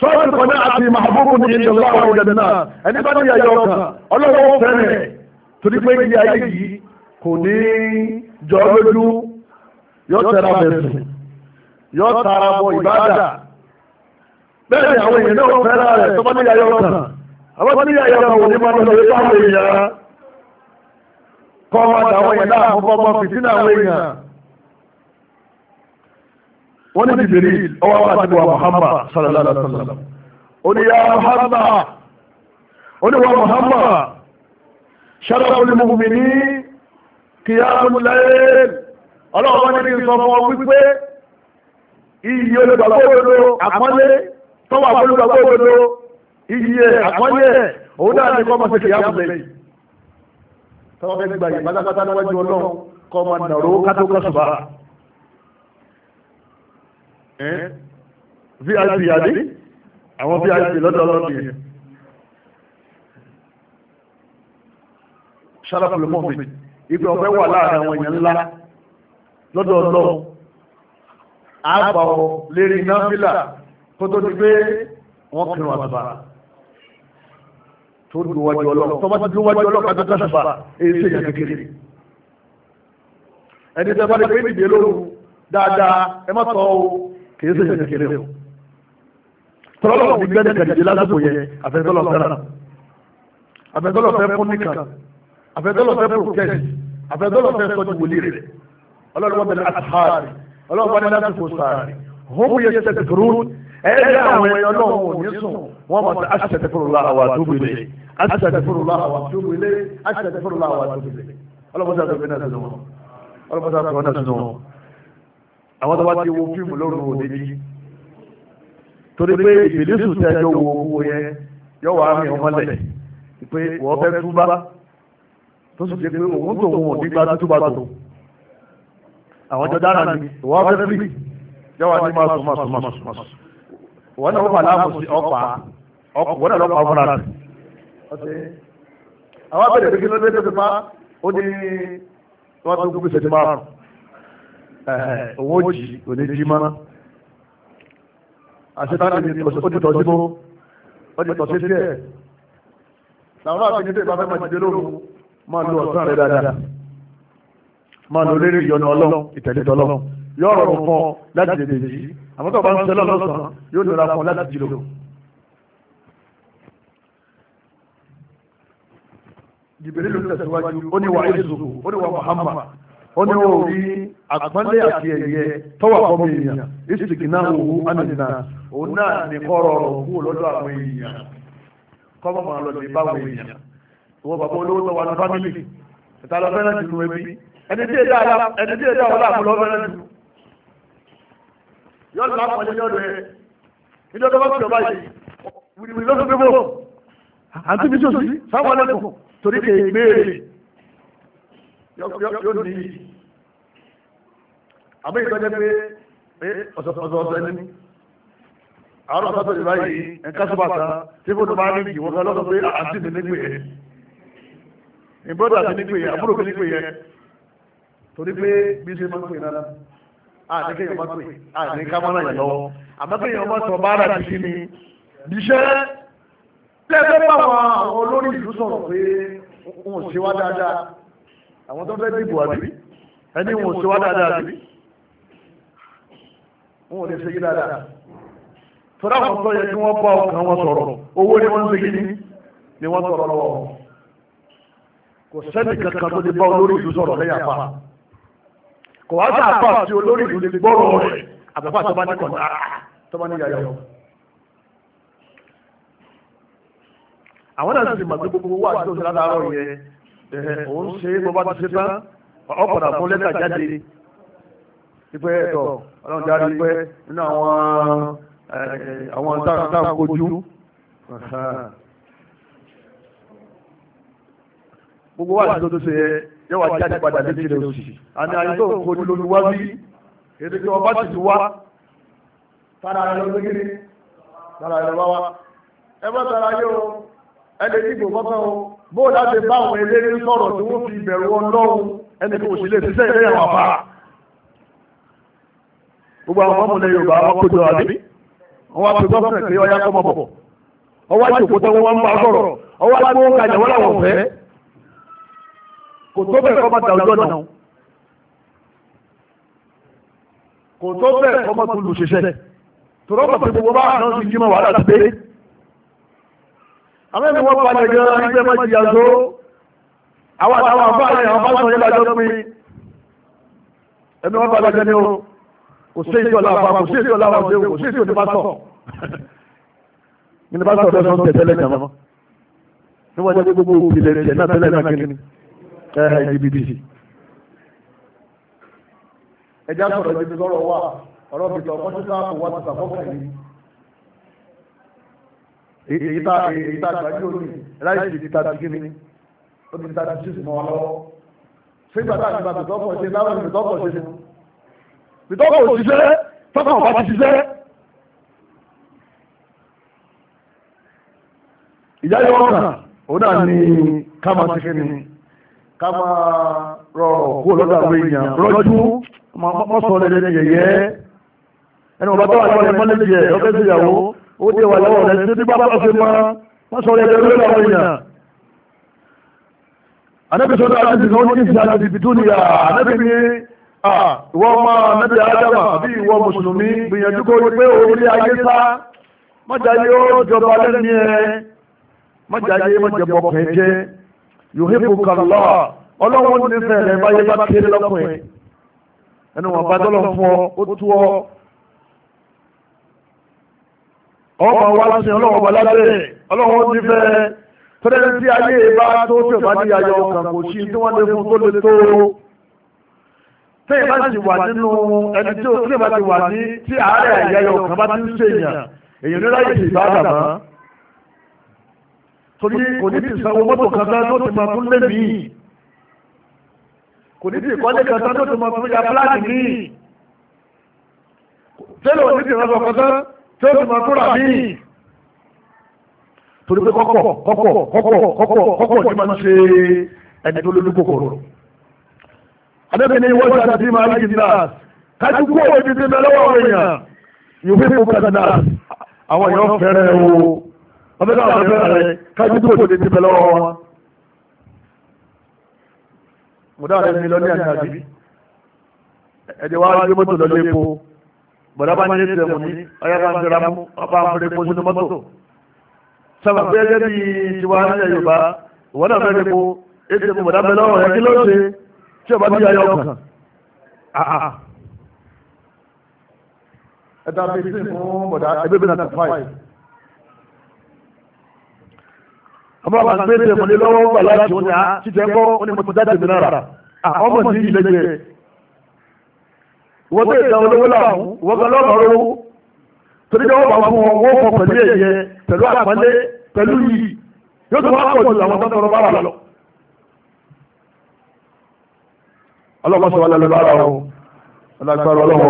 sọ́ọ̀tì kọjá àti màbúrú ní ìṣẹ̀lẹ̀ àwọn ìjẹ̀dẹ̀ náà ẹni bá ní ayé ọkàn ọlọ́wọ́ fẹ́rẹ̀ torí pé ilé ayé yìí kò ní jọ lójú yóò tẹ̀ra bẹ̀sẹ̀ yóò tara bọ ìbádà bẹ́ẹ̀ ni àwọn èèyàn náà fẹ́ràn rẹ̀ tó bá ní ayé ọkàn àwọn tí yàyà máa wò ní máa lọ sí àwọn èèyàn Muhammad sallallahu alaihi wasallam oníyà Muhammad ọlọ́wọ́ ní kí sọ fún ọ wípé iyì olùgbàgbọ́ òdodo àpọ́nlé tọ́wọ́ olùgbàgbọ́ òdodo iye àkọ́lẹ̀ òun náà ní kọ́mọ̀ sí ìyá bùlẹ̀ yìí tọ́wọ́ fẹ́ gbà yìí pátápátá níwájú ọlọ́run kọ́mọ nàró kátó kọ́sùbà vip àdé àwọn vip lọ́dọ̀ ọlọ́run yìí sáràfùlù mọ́fì ibi ọ̀fẹ́ wà láàrin àwọn èèyàn ńlá lọ́dọ̀ ọlọ́run àgbà ọ̀ lérí náfìlà kó tó ti gbé wọn kírun àgbà tó dúnwájú ọlọ́run tó bá ti dúnwájú ọlọ́run kájọ tó ṣùgbà èyí ṣe yàn kékeré ẹni tẹ́ bá lè pé ìdílé lóru dáadáa ẹ má tọ́ o kìí ṣe yàn kékeré o tọ́lọ́lọ́ ti gbẹ́ ní kàdìdì lásìkò yẹn àfẹ́sọ́lọ́ fẹ́ràn àfẹ́sọ́lọ́ fẹ́ fún nìkan àfẹ́sọ́lọ́ fẹ́ protect àfẹ́sọ́lọ́ fẹ́ sọ́jú wòlíì rẹ̀ ọlọ́run wọn bẹ̀rẹ̀ àtàrí ọlọ́run wọn bẹ̀rẹ̀ ẹ̀rí àwọn ẹ̀yọ́ náà ò ní sùn wọ́n máa sọ astaghfirullah wa atubu ilayh astaghfirullah wa atubu ilayh astaghfirullah wa atubu ilayh ọlọ́mọdé àti ọ̀gbẹ́ni àti ọ̀gbẹ́ni ọlọ́mọdé àti ọ̀gbẹ́ni àti ọ̀gbẹ́ni àwọn tó bá ti wo wọ́n fẹ́ túbá tó sì jẹ́ pé òun tó wọn nígbà tó túbá tó àwọn jọ dára ni wọ́n fẹ́ fi yóò ní máa sùn máa sùn máa sùn. wọ́n náà wọ́n fà náà lọ́pàá fúnra rẹ̀. àwọn abẹ́rẹ́ dé tó ó ní wọ́n tó gbé yóò rọrùn fún ọ láti tètè jí àmọ́ tó o bá ń sẹ́lọ̀ lọ́sàn-án yóò nira fún ọ láti jí lò. ló tẹ̀síwájú ó ní wa Yusuf ó ní wa Muhammad ó ní wọ́n rí àpọ́nlé àti ẹ̀yẹ tọ́wọ́ àpọ́mọ èèyàn ìsìnkì náà òwú ánìlá òun náà ní kọ́rọ̀ kú lọ́dọ̀ àwọn èèyàn kọ́mọ̀ máa lọ sí báwọn èèyàn ìwọ bàbá olówó tó ní fámìlì ìta lọ fẹ́ràn jù ẹbí ẹni tí èdè ọlá àpò lọ fẹ́ràn jù yóò lọ àwọn ọmọdé lọ́dọ̀ ẹ̀ níjọ́ tó bá fi ọba yìí wìrìwìrì ló fi gbé bò àǹtí mi sòsì sáwọn ẹlẹ́kùn torí kè é gbére yóò ní yìí àmì ìtọ́jẹ́ pé ọ̀sọ̀ọ̀sọ̀ ẹni àárọ̀ sọ́tọ̀ ìlú báyìí ẹ̀ka sọ́bàtà tí fóònù bá rí ìwọ̀n kan lọ́sọ̀ pé ah, àǹtí mi nígbè yẹn ìbọ́dọ̀ àti nígbè yẹn àbúrò mi nígbè yẹn torí pé bí ṣe máa ń pè náà Ah, ah, àti kéèyàn má pè àti ah, ká mọ́nà yẹn lọ́wọ́ àmọ́ kéèyàn má sọ báárà ti kí ni iṣẹ́ tẹ́tẹ́ bá wọn àwọn olórí ìlú sọ̀rọ̀ pé wọn ò ṣe wá dáadáa àwọn tó fẹ́ dìbò àbí ẹni wọn ò ṣe wá dáadáa àbí wọn ò lè ṣe yí dáadáa tọ́lá wọn sọ yẹ kí wọ́n bá ọkàn wọn sọ̀rọ̀ owó ni wọ́n ń ṣe kí ni ni wọ́n sọ̀rọ̀ lọ́wọ́ kò sẹ́ni kankan tó lè bá olórí ìlú sọ̀rọ̀ lẹ́yà kò wá sáà fà tí olórí ìlú lè gbọ́rọ̀ rẹ̀ àgbàfà tó bá ní kọ̀ọ̀nà ara tó bá ní yàyọ̀. àwọn náà sì màgbé gbogbo wà tó ṣe ládàárọ̀ yẹn òun ṣe é bọ́bá ti ṣe tán ọ̀pọ̀dà fún lẹ́tà jáde pípẹ́ ẹ̀tọ́ ọlọ́run jáde pípẹ́ nínú àwọn àwọn kojú gbogbo wà tó ṣe yẹn. yóò wá jáde padà létí rẹ̀ òsì àní àyè tó kò ní lóluwá bí èdè tí wọ́n bá sì wá tara rẹ̀ ló gbégbé tara rẹ̀ bá wá ẹ bá tara yé o ẹ lè dìbò bọ́tọ̀ o bó láti bá àwọn eléré sọ̀rọ̀ tí wọ́n fi bẹ̀rù Ọlọ́run ẹni tó sì lè ṣiṣẹ́ ilé àwọn àbá gbogbo àwọn ọmọ ilẹ̀ Yorùbá kó jọ àbí wọn wá pe kọ́ mọ̀ ọwọ́ àti òkúta wọn wá ń bá sọ̀rọ̀ ọwọ́ àti òkúta wọn kò tó bẹ́ẹ̀ kọ́mọ da ojú ọ̀nà kò tó bẹ́ẹ̀ kọ́mọ tó lù ṣiṣẹ́ tòrọ́ bàtà gbogbo bá àná sí jímọ̀ wàhálà ti dé àwọn ẹni wọ́n balẹ̀ gan ẹgbẹ́ má jìyà tó àwọn àtàwọn àbá rẹ̀ àwọn bá sọ yẹn lájọ́ pé ẹni wọ́n balẹ̀ gan ni o kò sí èyí ọ̀la àbá kò sí èyí ọ̀la àbá kò sí èyí ọ̀la àbá ní bá sọ̀rọ̀ sọ̀rọ̀ tẹ̀tẹ̀lẹ̀ jàmọ́ níwájú gbogbo òbí lẹ́tẹ̀ẹ́ náà tẹ́lẹ̀ náà kí ni ẹ̀ẹ́ gbìbìbì ẹjá sọ̀rọ̀ ibi tó lọ́rọ̀ wà ọ̀rọ̀ bí tọ́ kọ́tí sáàpù wá tàbí ọkọ̀ yìí èyí tá àgbájú òní láìsí ti tàbí kíni ó ti tàbí sí ìsìnkú wọn lọ́wọ́ ṣé ìgbà tá àgbà tó tọ́kọ̀ ṣe láwọn ìbí tọ́kọ̀ ṣe fún bí tọ́kọ̀ ò ṣiṣẹ́ tọ́kọ̀ ò bá ṣiṣẹ́ ìyá yọ ọ̀ràn òun náà ni ká máa ṣe kíni ká máa rọrọ̀ kú lọ́dọ̀ àwọn èèyàn rọ́jú mọ́sọ̀ lẹ́lẹ́ yẹ̀yẹ́ ẹni ọba tó wà lọ́wọ́ rẹ̀ mọ́lẹ́ jẹ́ ọ̀fẹ́ sí ìyàwó ó dé wà lọ́wọ́ rẹ̀ títí bá bá ṣe mọ́ mọ́sọ̀ lẹ́lẹ́ lọ́dọ̀ àwọn èèyàn. Ànábì sọ́dọ̀ àti ìsìn ó ní ìsìn àti ìbìtú ni à Ànábì ní ìwọ ọmọ Ànábì Ádámà bí ìwọ Mùsùlùmí gbìyànjú kó pé orí ayé sá mọ́jà yóò jọba lẹ́ni ẹ mọ́jà yé mọ́jà yuhibbuka Allah ọlọ́wọ́ nífẹ̀ẹ́ rẹ̀ báyé bá kéré lọ́kùnrin ẹnu wọn bá dọ́lọ́ fún ọ ó tú ọ ọmọ wa láti ọlọ́wọ́ wa lábẹ́ ọlọ́wọ́ nífẹ̀ẹ́ fẹ́rẹ́ tí ayé bá tó tó bá ní ayọ̀ ọkàn kò sí tí wọ́n lè fún tó lè tó tẹ́yìn bá ti wà nínú ẹni tí ó tẹ́yìn bá ti wà ní tí àárẹ̀ ayẹyẹ ọkàn bá ti ń ṣèyàn èyàn ní láyé ìbá torí kò ní ti sanwó mọ́tò kan tán tó ti máa tún lé mi kò ní ti ìkọ́lé kan tán tó ti máa tún ya pílàtì mi tẹ́lẹ̀ òní ti rọ̀gbọ̀n kan tán tó ti máa tún rà mí torí pé kọ́kọ́ kọ́kọ́ kọ́kọ́ kọ́kọ́ kọ́kọ́ ti máa ń ṣe ẹni tó lójú kòkòrò. Adébí ni wọ́n ṣe àti máa rí náà kájú kó òjijì mẹ́lẹ́wọ̀ èèyàn yóò fi mú àwọn èèyàn fẹ́rẹ̀ o ọbẹ̀ náà wọ́n fẹ́ràn rẹ̀ kájú tó kò tètè bẹ̀lọ́ wọn. mọ̀dá rẹ̀ ní lọ́lé àti àbí ẹ̀jẹ̀ wá gbé mọ́tò lọ́lé epo bọ̀dá bá ní tẹ̀mù ní ọyá bá ń tẹ̀ra mú ọba ń fẹ́rẹ̀ epo sínú mọ́tò. sábà pé ẹgbẹ́ bíi tiwa nílẹ̀ Yorùbá ìwọ náà fẹ́rẹ̀ epo ètò epo bọ̀dá bẹ̀lọ́ rẹ̀ kí ló ṣe tí ọba bí ayọ̀ kan. ẹ̀dá bíi sí fún bọ̀dá ẹgbẹ́ bí náà ọmọ àwọn àgbẹ̀ tẹ̀ mọ́ ní lọ́wọ́ gbà láti wọn ni a ní mo ti dá tèmi nára ọmọ sí ilẹ̀ jẹ wọ́n tó ìta olówó làwọn wọ́n kan lọ́mọ olówó torí pé wọ́n bá fún wọn wọ́n kọ pẹ̀lú ẹ̀yẹ pẹ̀lú àpọ́nlé pẹ̀lú yìí yóò tún wá pọ̀ ju àwọn tó tọrọ bára lọ. ọlọ́mọ sọ wà lọ́wọ́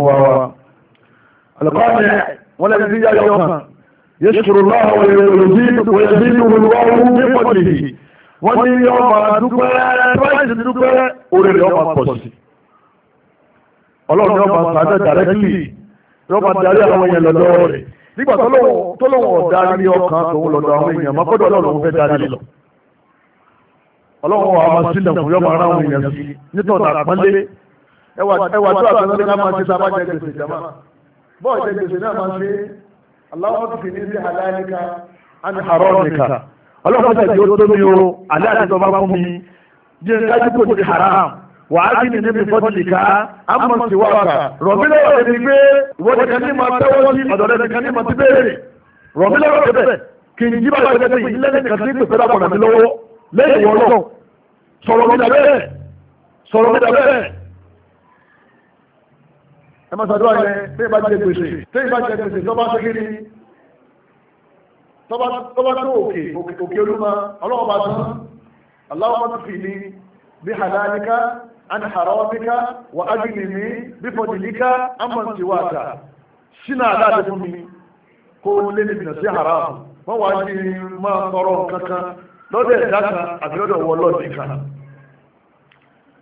wa. àlùkò yẹ́sùrù lọ́wọ́ wẹ̀yẹ̀dínú lọ́wọ́ ní pọ̀lì wọ́n ní yọ máa dúpẹ́ tọ́láìsì dúpẹ́ orí rẹ̀ ọmọ pọ̀ sí ọlọ́run yọ máa sàádọ́ dàrẹ́kìlì yọ máa darí àwọn èèyàn lọ́dọ̀ rẹ̀ nígbà tọ́lọ́wọ́ darí ní ọkàn tòun lọ́dọ̀ àwọn èèyàn máa kọ́dọ̀ ọlọ́run fẹ́ darí lọ ọlọ́run wa máa sílẹ̀ fún yọ máa ráwọn èèyàn sí nítorí àpọ́nlé ẹwà tó àtàlẹ́ aláwọ̀ tó fi ní sí halálíkà àni haramika ọlọ́run ṣe yóò tó mi o alẹ́ àtijọ́ bá fún mi jẹ́ kájú kò ní haram wà á kí ni níbi fọ́tìlìkà á mọ̀ sí wàkà rọ̀mílẹ̀ rẹ̀ ni pé ìwọ́de kan ní ma tẹ́wọ́ sí ọ̀dọ̀ rẹ̀ kan ní ma ti béèrè rọ̀mílẹ̀ rẹ̀ bẹ̀ kì í jíba rẹ̀ bẹ̀ ilé ní kan sí pèsè dàpọ̀ nàmi lọ́wọ́ lẹ́yìn wọ́lọ́ sọ̀rọ̀ mi dàbẹ́ sọ̀rọ̀ mi dàbẹ́ ẹ má sàdúrà yẹn tẹ́ ìbá jẹ gbèsè tẹ́ ìbá jẹ gbèsè tọ́ bá ṣe kiri tọ́ bá tó òkè òkè olúmọ ọlọ́wọ́ bá tán aláwọ̀ tó fi ní bí halalika an haramika wa ajinimi bí fọdìlíkà amọ̀ntiwata sínú àdáàdé fún mi kó lé níbi nà sí haram wọ́n wá ní máa tọrọ kankan lọ́dẹ̀ ẹ̀dá kan àbí lọ́dẹ̀ wọ́ lọ́dẹ̀ kan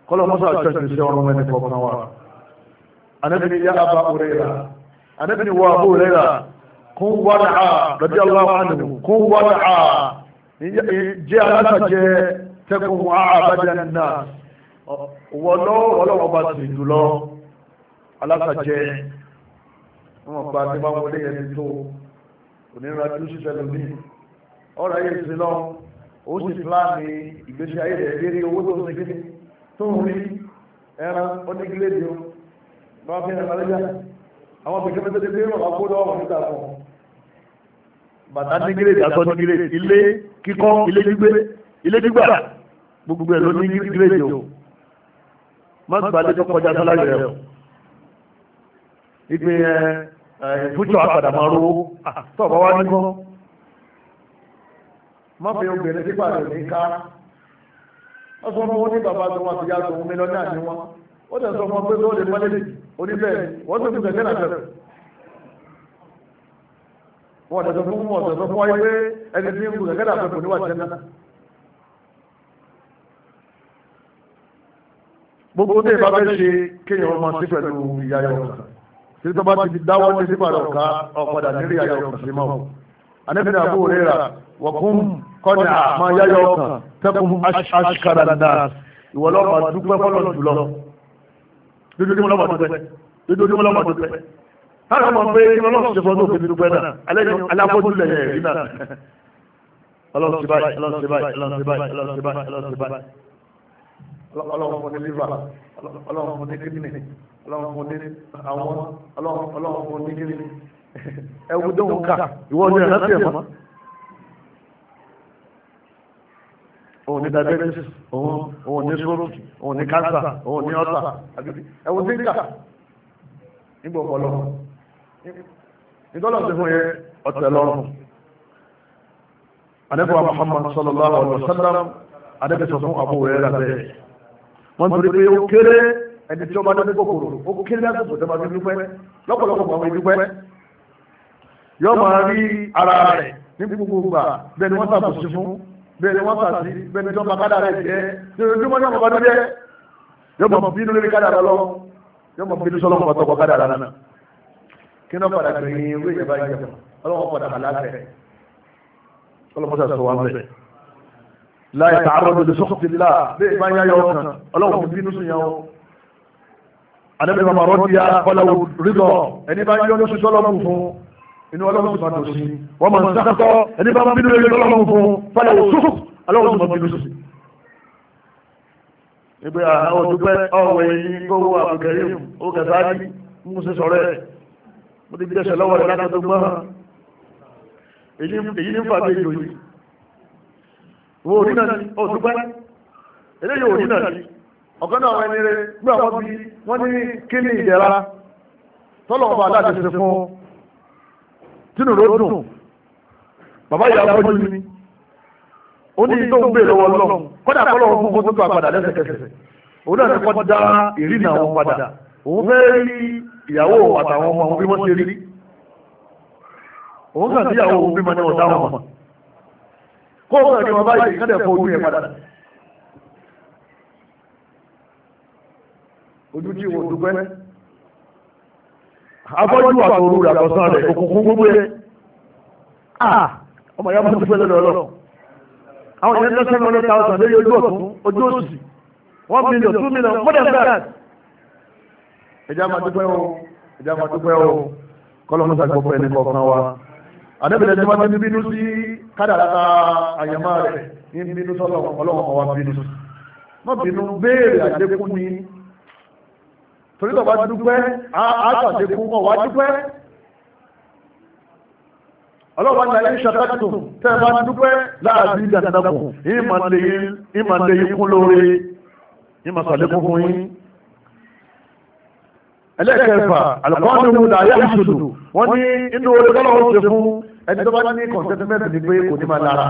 kọ́lọ́ àti ṣẹ́ṣẹ́ ọ̀rọ̀ ẹni anábìnrin yá abá òrẹ́ra anábìnrin wọ abó òrẹ́ra kún wádàá lọ́dí aláwọ̀ ànàmù kún wádàá jẹ́ alátàjẹ́ tẹ́kùn àbájá náà wọ́lọ́ ọlọ́wọ́ bá ti jùlọ alátàjẹ́ wọ́n bá ti bá wọlé ẹni tó onírànjú ṣiṣẹ́ lómi ọ̀rọ̀ ayé ti lọ ó sì pláàni ìgbésí ayé rẹ̀ lérí owó tó ń ṣe tó ń rí ẹran onígílẹ̀ dùn bá fi ẹ̀rọ lálẹ́jà àwọn bèkẹ́ mẹ́tẹ́ ti pé wọn kó lọ́wọ́ wọn níta fún un. bàtà nígírè ìdásọ́ nígírè ilé kíkọ́ ilé gbígbé ilé gbígbà gbogbo ẹ̀ ló ní gírèjì o má gbàdé tó kọjá sálárì rẹ o ìpín ẹ ìfúnjọ àpàdà máa ro ah, tọ́ọ̀bá wá ní kọ́ má fi obìnrin sípà rẹ̀ ní ká wọ́n fún wọn ní bàbá tó wọn ti yá tó mílíọ̀nù àníwọ̀n ó dẹ̀ sọ fún wọn pé tó lè oníbẹ̀ wọ́n tó fi kẹ̀kẹ́ làtẹ̀ wọ́n tẹ̀sọ̀ fún wọn tẹ̀sọ̀ fún wáyé pé ẹni tí ń kú kẹ̀kẹ́ làtẹ̀ kò níwà jẹ́ náà gbogbo tẹ́ ìbá fẹ́ ṣe kéèyàn ọmọ sí pẹ̀lú ìyá yọ̀ọ̀kan tí tó bá ti fi dáwọ́ ní sí padà ọ̀ka ọ̀padà nílé ìyá yọ̀ọ̀kan sí mọ́ anẹ́fẹ̀ẹ́ àbúrò rẹ̀ rà wọ̀kún kọ́ni àmọ́ yá yọ̀ọ̀kan tẹ́kùn aṣ lójoojúmọ́ lọ́mọ tó pẹ́ lójoojúmọ́ lọ́mọ tó pẹ́ táwọn ọmọ pé kí lọ́lọ́sùn ṣe fọ́dún òfin dúpẹ́ náà aláfọ́dúnlẹ̀ yẹn rí náà ọlọ́sùn báyìí ọlọ́sùn báyìí ọlọ́sùn báyìí ọlọ́sùn báyìí ọlọ́sùn báyìí ọlọ́run fún ní liver ọlọ́run fún ní kidney ọlọ́run fún ní àwọn ọlọ́run fún ní kidney ẹ̀wù dóhùn ká ìwọ ni ẹ̀ ní diabetes òun òun ní stroke òun ní cancer òun ní ulcer ẹ̀wọ̀n tí ń kà nígbà ọ̀pọ̀lọ́ ìdọ́lọ̀ ti fún yẹ ọ̀tẹ̀ lọ́rùn adẹ́kọ̀ọ́ Muhammad sallallahu alaihi wasallam adẹ́kọ̀ọ́ fún Abu Hurairah bẹ́ẹ̀ wọ́n torí pé ó kéré ẹni tí ó bá dẹ́kọ̀ kòrò ó kéré lásìkò tó bá fi dúpẹ́ lọ́pọ̀lọpọ̀ àwọn ìdúpẹ́ yọ máa rí ara rẹ̀ ní gbogbo gbà bẹ́ẹ̀ ni bẹ́ẹ̀ wọ́n sà sí bẹ́ẹ̀ tó bàbá dàrẹ́ jẹ́ lójoojúmọ́ yóò bàbá dúdẹ́ yóò mọ̀ bínú lórí kádàrà lọ yóò mọ̀ bínú sọ́lọ́ mọ̀ tọkọ kádàrà náà kí náà padà gbẹ̀yìn ewé ìjọba ìjọba ọlọ́wọ́ padà àlàáfẹ́ ọlọ́mọṣà sọ wọn bẹ́ẹ̀ láì tààrọ̀ lóde sọ́kùtìlá bẹ́ẹ̀ bá yá yọ ọkàn ọlọ́wọ́ bínú sùn yàn anabi mama rọ́ọ̀dì yá kọ́lá rídọ̀ ẹni bá yọ ní sọ́lọ́mù fún inú ọlọ́run ti máa dùn sí wọ́n máa ń sákọ́ ẹni bá bínú lórí ọlọ́run fún fọlẹ̀ òṣù ọlọ́run ti máa bínú sí. ìgbé àwọn òdúpẹ́ ọ̀wẹ̀ yìí kó wọ àbùkẹ́rì ó kẹta ní mú sí sọ̀rọ̀ ẹ̀ mo ti gbẹ́sẹ̀ lọ́wọ́ rẹ̀ láti tó gbọ́n èyí ní fàgbé ìlú yìí wo òní náà ni òdúpẹ́ eléyìí òní náà ni ọ̀kan náà ẹni rẹ̀ gbé àwọn bí wọ́n ní kí ni tínú ló dùn bàbá yìí afọ́jú ni ó ní tó ń bè lọ́wọ́ lọ́wọ́ kọ́dà kọ́ lọ́wọ́ fún kótó àpàdà lẹ́sẹ̀kẹsẹ̀ òun náà ti kọ́ da ìrìnà wọn padà òun fẹ́ rí ìyàwó àtàwọn ọmọ òun bí wọ́n ṣe rí òun kàn sí ìyàwó òun bí wọ́n ní ọ̀dá wọn mọ̀ kó o kàn ní wọn báyìí kọ́dà fọ́ ojú yẹn padà ojú tí wọn dúpẹ́ afọ́jú àtòrú àtọ̀sán rẹ̀ òkùnkùn gbogbo ẹ̀ ah, ah, ọmọ ìyá máa ń dúpẹ́ lọ́dọ̀ ọlọ́run àwọn ìyẹn tó sẹ́nu ọlọ́ta ọ̀sán lórí ojú ọ̀tún ojú òsì one million two million more than that ẹ̀já máa dúpẹ́ o ẹ̀já máa dúpẹ́ o kọ́lọ́mù sàgbọ́pọ̀ ẹni kọ̀ọ̀kan wa àdébìlẹ̀ tí wọ́n ti bínú sí kádàrá àyàmá rẹ̀ ní bínú sọ́lọ́ ọlọ́run ọ̀wá bínú má bínú béèrè àdékù ní torí tó bá dúpẹ́ àtàdékún wọn wá dúpẹ́ ọlọ́wọ́ ní ayé ṣàkàtò tẹ́ bá dúpẹ́ láàbí ìdàdàkùn ìmàlẹ̀ ikún lóore ìmàsàlékún fún yín ẹlẹ́kẹ̀ẹ́fà alùpàdùnmù làyà ìṣòdò wọ́n ní inú orí tọ́lọ́wọ́ ṣe fún ẹni tó bá ní kọ̀ǹtẹ́tẹ́mẹ́tì ní pé kò ní máa lára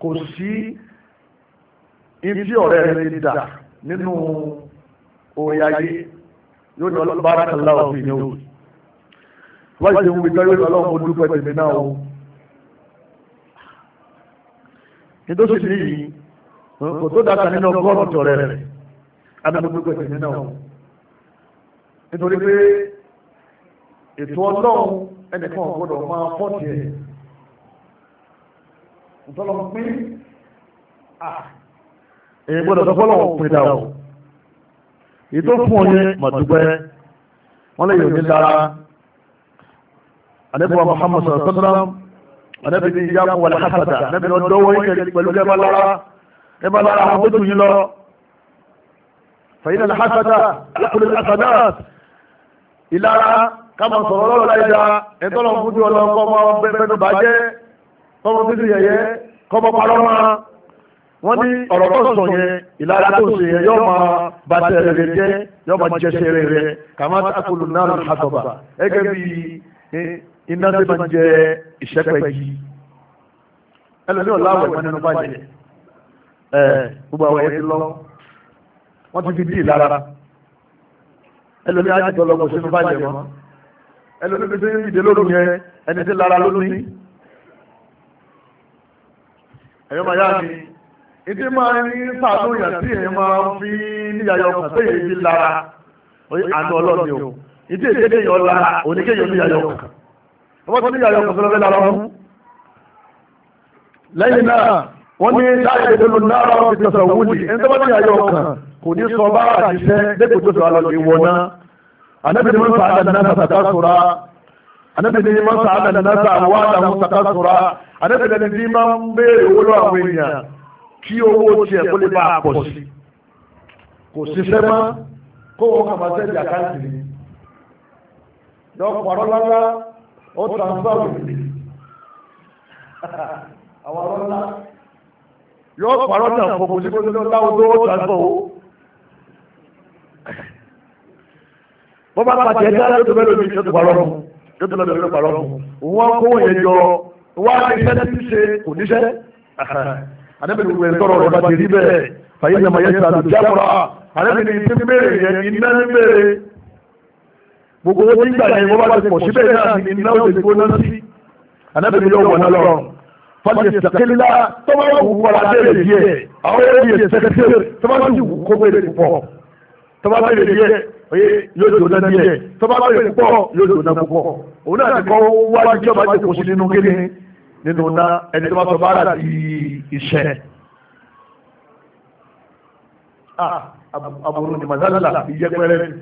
kò sí ibi ọ̀rẹ́ rẹ̀ ti dà nínú orin ayé yóò ní ọlọ́pàá bá kàlá òfin ní òòrùn wọ́n ṣe ń wí tọ́jú ọlọ́run ojú pẹ̀lú ìgbẹ́ náà o nítorí sì níyì kò tó dáka nínú ọgọ́rùn-ún tọ̀rẹ́ rẹ̀ adágún pẹ̀lú ìgbẹ́ náà o nítorí pé ètò ọlọ́run ẹnìkan gbọ́dọ̀ máa fọ́ọ̀tì ẹ̀ ntọ́lọ́mọ pín èyí gbọ́dọ̀ sọ fọ́lọ́wọ́ pín èyí tó fún ọyẹ màdúgbẹ́ wọ́n lè yòó ní dára anabiwa muhammad sallallahu alaihi wasallam anabi ni ìyá wàlẹ hasada anabi ni ọdọ wọ̀nyí kẹlẹ pẹ̀lú kẹbà lára kẹbà lára àwọn tó yín lọ fẹyìn náà hasada alákùnrin hasada ìlara kama sọ̀rọ̀ lọ́rọ̀ láyé dá ẹtọ lọ fún ti ọlọ kọmọ bẹ́ẹ̀ bẹ́ẹ̀ tó wọ́n ní ọ̀rọ̀ tó sọ yẹn ìlara tó ṣe yẹn yọ́ máa bàtẹ́ rẹ̀ jẹ́ yọ́ máa jẹsẹ̀ rẹ̀ rẹ̀ kàmá takolo náà àtọ̀bà ẹgẹ́ bí iná tó máa jẹ ìṣẹ́pẹ́ yìí ẹlòmíì ọ̀làwọ̀ ìmọ̀ nínú bàjẹ́ ẹ gbogbo àwọn ẹ̀yẹ ti lọ wọ́n ti fi dí ìlara ẹlòmíì á lọ́gbọ̀n sínú bàjẹ́ mọ́ ẹlòmíì fi sí ìdélóró yẹn lónìí ìdí máa ń sàánú èèyàn tí èèyàn máa ń fi níyàyọ ọkàn tó yẹ fi lára àánú ọlọ́ọ̀ni o ìdí èdè kéèyàn lára oníkéèyàn níyàyọ ọkàn ọwọ́ tó níyàyọ ọkàn tó lọ fẹ́ lára wọn. lẹ́yìn náà wọ́n ní láyé ìdèlú náírà wọn fi tọ̀sọ̀ wúlì ẹni tó bá níyàyọ ọkàn kò ní sọ bá àṣìṣe lẹ́kọ̀ọ́ tó sọ alọ́ ìwọ̀nà anábìrì mọ́ sàádà náà sàtàkùrà anábìrì mọ́ sàádà náà sàwádà mọ́ sàtàkùrà anábìrì ẹni tí máa ń kí owó tiẹ̀ kó lè bá a pọ̀ sí kò ṣiṣẹ́ mọ́ kó wọn kà máa sẹ́ẹ̀dì àkáǹtì ni yọ pọ̀rọ̀ lọ́lá ó transfer wìlì àwọn ọlọ́lá yọ pọ̀rọ̀ náà ó tó transfer o bọ́ bá pàtẹ́ ẹ̀dá ló tó mẹ́lòmí tó tó parọ́ fún tó tó lọ́dọ̀ ló parọ́ fún wọ́n kó yẹn jọ wọ́n á ní sẹ́ẹ̀ tí ṣe kò níṣẹ́ anábìrin wẹ̀ tọrọ rẹ̀ bá ti rí bẹ́ẹ̀ fàyè nàmà yẹn ti àdùn jáfọ́ra anábìrin ti béèrè yẹn iná ní béèrè gbogbo owó nígbà yẹn wọ́n bá ti pọ̀ síbẹ̀ náà ní iná ó ti gbóná sí anábìrin yóò wọ̀ náà lọ fàyè sàkélélá tọ́wọ́ wù wọ́ra béèrè díẹ̀ àwọn yóò di sẹ́kẹ́tẹ́ tọ́wọ́ sì wù kó béèrè púpọ̀ tọ́wọ́ béèrè díẹ̀ yóò jóná díẹ̀ tọ́wọ́ béèrè púpọ̀ yóò jóná púpọ̀ òun náà ti kọ́ wájú ọba ti kò sí nínú kéde nínú ná ẹni tó bá sọ bára di iṣẹ́ àbúrò ní mazala ìyẹ́pẹ́rẹ́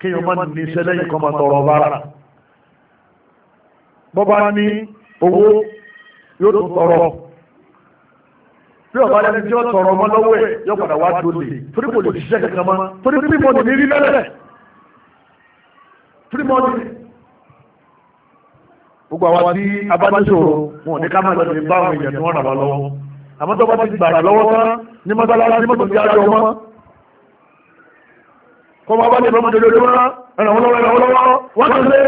kéèyàn má ní iṣẹ́ lẹ́yìn kan máa tọrọ bára bọ́bá ní owó yóò tún tọrọ bí ọba ẹni tí ó tọrọ ọmọ lọ́wọ́ ẹ̀ yóò padà wá dolè torí kò lè ṣiṣẹ́ kankan mọ́ torí pípọ̀ ní rí lẹ́lẹ̀ torí ní gbogbo àwọn tí abánisòro wọn ò ní ká máa lọ bá àwọn èèyàn tí wọ́n ràn lọ́wọ́ àmọ́ tó bá ti gbàrà lọ́wọ́ tán ní mọ́sálásí mọ́tò tí a jọ ọmọ kọ́ máa bá lè mọ́mọ́ dédé lọ́wọ́ ẹ̀rànwọ́lọ́wọ́ ẹ̀rànwọ́lọ́wọ́ wọ́n tó lé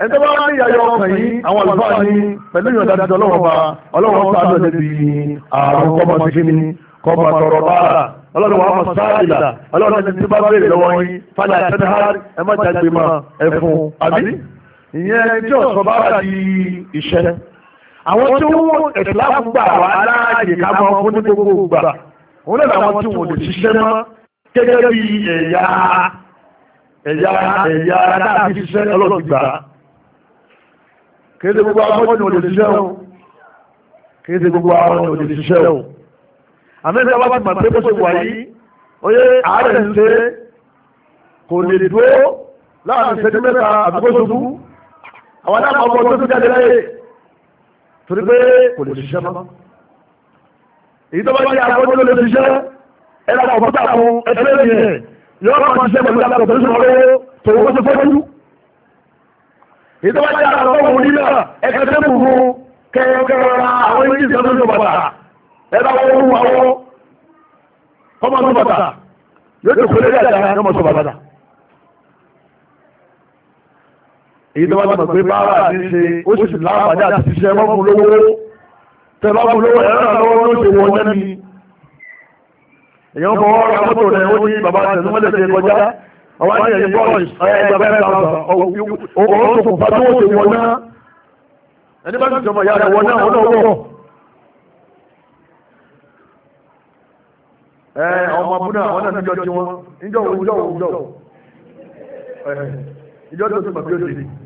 ẹni tó bá wá ní ìyàyọ ọkàn yìí àwọn àlùfáà ní pẹ̀lú ìyọ̀dá àti ọlọ́wọ́ bá ọlọ́wọ́ tó àjọ lè fi àrùn kọ́ máa ti ní kọ́ máa tọrọ bára ọlọ́run wa máa sáà ìlà ọlọ́run ti bá bèèrè lọ́wọ́ yín fádà tẹ́tẹ́ ìyẹn ẹni tí ọ̀sán bá wà di ìṣẹ́ àwọn tí wọ́n ẹ̀sìláàmù gbà wá láàyè ká máa fún ní gbogbo ìgbà òun náà làwọn tí wọ́n lè ṣiṣẹ́ mọ́ gẹ́gẹ́ bí ẹ̀yà ẹ̀yà ẹ̀yà dáàbí ṣiṣẹ́ ọlọ́gbìgbà kéde gbogbo àwọn ọmọdé ò lè ṣiṣẹ́ o kéde gbogbo àwọn ọmọdé ò lè ṣiṣẹ́ o àmẹ́sẹ̀ wá bá ti mọ̀ pé bó ṣe wà yìí láàrin ìṣẹ́jú mẹ́ta àdúgbò ṣubú àwọn náà máa bọ́ tó tó jáde láyé torí pé kò lè ṣiṣẹ́ mọ́ èyí tó bá jẹ́ àkọ́jú ló lè ṣiṣẹ́ ẹ lọ kọ̀ fọ́tà fún ẹgbẹ́ yẹn yóò máa ṣiṣẹ́ pẹ̀lú àgbà tó ń sọ̀rọ̀ tòun kó ṣe fọ́jú èyí tó bá jẹ́ àkọ́jú òun nílà ẹgbẹ́ tó kù fún kẹ́kẹ́rọ́ra àwọn ilé ìjọba tó ń sọ bàtà ẹ bá wọ́n wọ́n wọ́n kọ́mọ́ tó bàtà yóò tó kọ́lé dáadáa yóò mọ̀ sọ bàtà. èyí tó bá dìbò pé báárà ní ṣe ó sì láǹfààní àti ṣiṣẹ́ mọ́kùn lówó tẹ mọ́kùn lówó ẹ̀rọ lọ́wọ́ ló ṣe wọ ọjọ́ ni èyàn fọ ọwọ́ ra mọ́tò rẹ̀ ó ní bàbá tẹ̀sán mọ́lẹ̀ ṣe kọjá ọwọ́ ẹ̀yẹ̀ yìí bọ́ọ̀lù ẹ̀ẹ́dà bẹ́ẹ̀ ta ọ̀sán ìjọ tó ti mọ̀ bí ó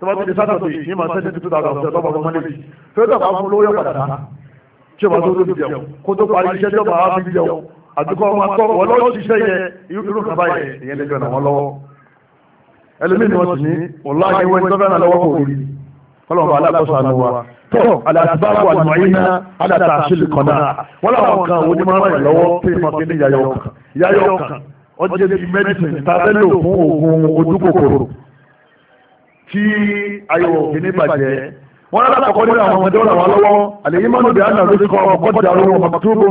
tó bá ti di sátọ̀tì yìí máa sẹ́ni tuntun tààrà ọ̀sẹ̀ tó bá fún mọ́lẹ́bí fẹ́ẹ́tà bá fún lórí ọ̀padà náà tí o bá tó lóbi jẹun kó tó parí iṣẹ́ tí o bá wá fi jẹun àdúgbò ọmọ akọ wọn lọ́wọ́ ṣiṣẹ́ yẹ irú kan báyìí ìyẹn lè jọ àwọn lọ́wọ́ ẹlòmíì ni wọ́n sì ní ọ̀la ìwé tó fẹ́ràn lọ́wọ́ kò rí kọ́lọ́mù alákòóso àná wa tó alàtìbáwò àlùmọ́yìnà alàtàṣìlì kọ́nà wọ́n làwọn kan òní máa ràn lọ́wọ́ pé ìmọ̀ kí ní yàyọ̀ kan yàyọ̀ kan ọjọ́ ti mẹ́dísìn tàbẹ́lò fún oògùn ojú kòkòrò tí ayọ̀wò òfin ní bàjẹ́ wọ́n rárá kọ́kọ́ nínú àwọn ọmọdé wọn lọ́wọ́ àlèyé mọ́nà bí àná lórí kọ́ ọkọ̀ dà lọ́wọ́ mọ̀tòbó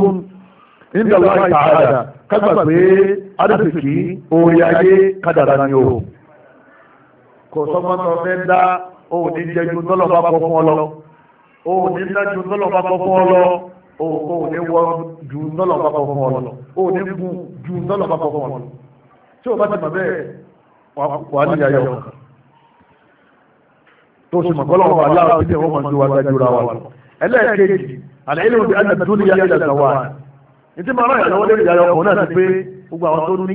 nígbà wọ́n ta àdà kágbà pé adásìkí orí ayé kádàrá ni o. kò sọ́gbọ́n tó fẹ́ dá òun ní jẹ́jú tọ́lọ̀ bá kọ́ fún ọ lọ òun ní dájú tọ́lọ̀ bá kọ́ fún ọ lọ òun ní wọ ju tọ́lọ̀ bá kọ́ fún ọ lọ òun ní gun ju tọ́lọ̀ bá kọ́ fún ọ lọ. tí o bá ti mọ̀ bẹ́ẹ̀ wà á níyà yọ̀ kan tó sì mọ̀ kọ́lọ́wọ́ aláwọ̀ tí wọ́n máa ń wá gbàdúrà wa ẹlẹ́ẹ̀kejì àlẹ́lẹ́ òbí àti àtúndì yá ilẹ̀ àtàwà ìdí máa ráyà lọ́wọ́ lórí ìyá ọkọ̀ náà ti pé gbogbo àwọn tó ní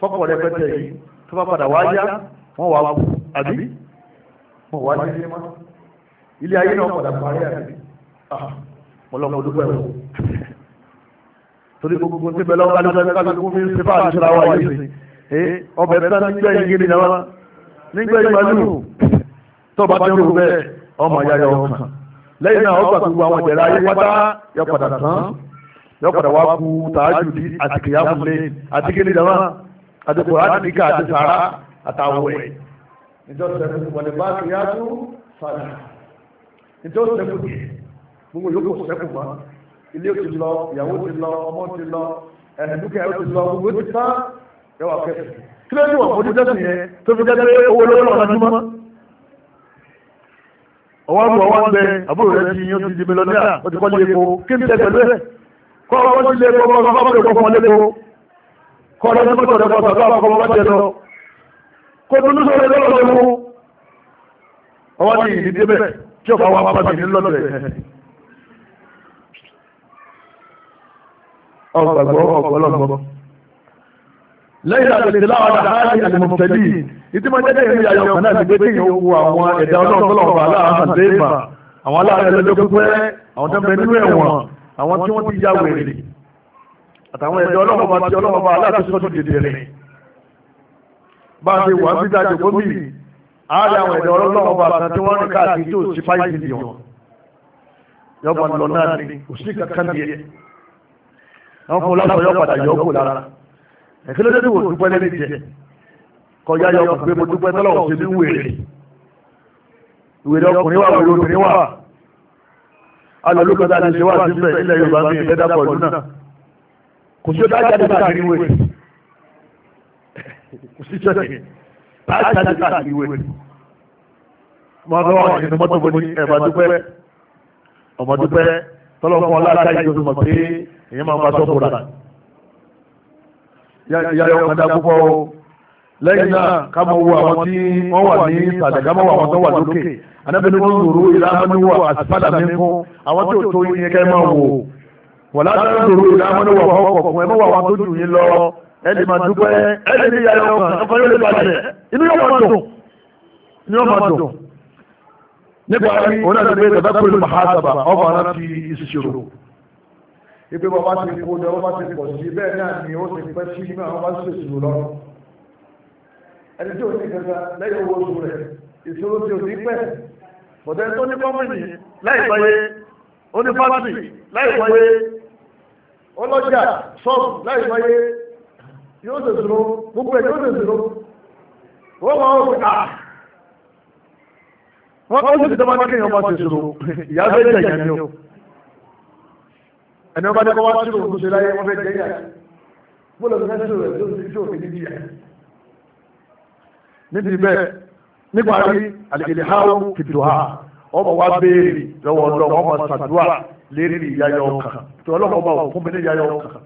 fọ́pọ̀ rẹ̀ pẹ́tẹ́ yìí tó bá padà wáyá wọ́n wá wù àbí wọ́n wá ní ilé ayé náà padà parí àbí ọlọ́mọ ah, olúgbẹ́ rẹ̀ torí gbogbo tí bẹ́ẹ̀ lọ́wọ́ kálukú fi ń ṣe fáà tó bá dẹ́rù bẹ́ẹ̀ ọmọ ayáyọ ọkàn lẹ́yìn náà ó gbà gbogbo àwọn ìdẹ̀ra ayé pátá yọ padà tán yọ padà wá ku tààjù bí àtìkìyà múlẹ̀ àtìkìlì dàmà àtìkò àtìkà àti sàrà àtàwẹ̀. ìjọsẹ̀ wọlé bá ti yá tó fàdà ìjọsẹ̀ kò yẹ gbogbo yòókù sẹ́kù mọ́ ilé ti lọ ìyàwó ti lọ ọmọ ti lọ ẹ̀ẹ́dúkẹ́ ó ti lọ gbogbo ti tán yọ wà kẹ́sì. kí ló dé wọ̀ fún ojú tẹ́sì yẹn tó fi jẹ́ pé owó lọ́wọ́ lọ́wọ́ ọwọ́ àbúrò wọn bẹ àbúrò rẹ ti yín ó ti di mílíọ̀nìyà ó ti kọ́ lé epo kí n tẹ pẹ̀lú ẹ̀ kọ́ ọwọ́ sí lé epo kọ́ ọwọ́ sí lé epo kọ́ ọwọ́ sí lé epo kọ́ ọwọ́ sí mọ́tò rẹ kọ́ ọ̀sán lọ́wọ́ kọ́ ọwọ́ jẹ lọ kó tó ní sọ̀rọ̀ lọ́wọ́ lọ́wọ́ ọwọ́ ní ìdí débẹ̀ tí ọba wa bá ti lọ́dọ̀ rẹ̀ ọgbàgbọ́ ọgbọ́lọ́gbọ́ lẹ́yìn àgbèlè láwọn àdáhàní àlùmọ̀tẹ́lì ìdí máa jẹ́jẹ́ ìrìn àyọ̀ kan náà ti gbé kéèyàn wo àwọn ẹ̀dá ọlọ́ọ̀tọ́lọ́ọ̀bà aláàrán àdéhìmà àwọn aláàrán ẹlẹ́jọ́ pípẹ́ àwọn tó ń bẹ nínú ẹ̀wọ̀n àwọn tí wọ́n ti ya wèrè àtàwọn ẹ̀dá ọlọ́ọ̀bà tí ọlọ́ọ̀bà aláàtúnṣe tó dìde rẹ̀ bá a ṣe wà bí dájú ẹ̀kí ló dé wò dúpẹ́ lẹ́ni jẹ kọjá yọ ọkùnrin pé mo dúpẹ́ tọ́lọ́wọ́ ṣe ní wèrè wèrè ọkùnrin wà wèrè obìnrin wà alọ́lùkọ́ta ti ṣe wà síbẹ̀ ilẹ̀ Yorùbá mi ìfẹ́ dàpọ̀ lù náà kò sí ó dájà ní káàkiri wèrè kò sí ṣẹ́yìn dájà ní káàkiri wèrè mo fẹ́ wà nínú mọ́tò fún ní ẹ̀fà dúpẹ́ ọmọ dúpẹ́ tọ́lọ́wọ́ fún ọlá yàyà ọ̀kadà púpọ̀ o lẹ́yìn náà ká mọ̀ wo àwọn tí wọ́n wà ní ìsàlẹ̀ ká mọ̀ wo àwọn tó wà lókè anábẹ́ni wọ́n lòrò ìlàmọ́níwọ̀ àtìpádà mi fún àwọn tí ò tó yín kẹ́ máa wò wọ́n lábẹ́ lòrò ìlàmọ́níwọ̀ ọkọ̀ọ̀kan ẹ mọ̀ wà wọn tó jù yín lọ ẹ lè máa dúpẹ́ ẹ lè ní yàyà ọkàn ọkàn yóò lè bàjẹ́ inú yóò máa dùn inú yóò máa dùn nípa onáṣẹ́gbẹ́ tàbí ipe wọn bá ti kó lọ wọn bá ti pọ̀ sí bẹ́ẹ̀ náà ni ó ti pẹ́ sí iná wọn bá ti ṣe ìṣòro lọ ẹni tí ò ní kankan lẹ́yìn owó oṣù rẹ̀ ìṣòro tí ò ní pẹ́ bọ̀dẹ́ tó ní kọ́mìnì láìpẹ́ ó ní fásitì láìpẹ́ ọlọ́jà ṣọ́ọ̀bù láìpẹ́ yóò ṣe ìṣòro gbogbo ẹ̀ yóò ṣe ìṣòro wọ́n máa ń rà ah! wọ́n kọ́ sí ìjọba kéèyàn bá ṣe ìṣòro ìyá fẹ́ jẹ̀yàn ni o ẹni wọn bá dé kó wá sírò òkú ṣe láyé wọn fẹ́ jẹ́ yà bọ́ọ̀lù ọ̀gá sírò rẹ̀ tó ti ṣòfin níbi yà níbi bẹ́ẹ̀ nípa rí àlèkèlè ha ó kìtìrò ha ọmọ wa béèrè lọ́wọ́ ọlọ́wọ́ ọmọ sàdúrà lérí ìyáyọ ọkàn tó ọlọ́wọ́ ọba òkun mi ní ìyáyọ ọkàn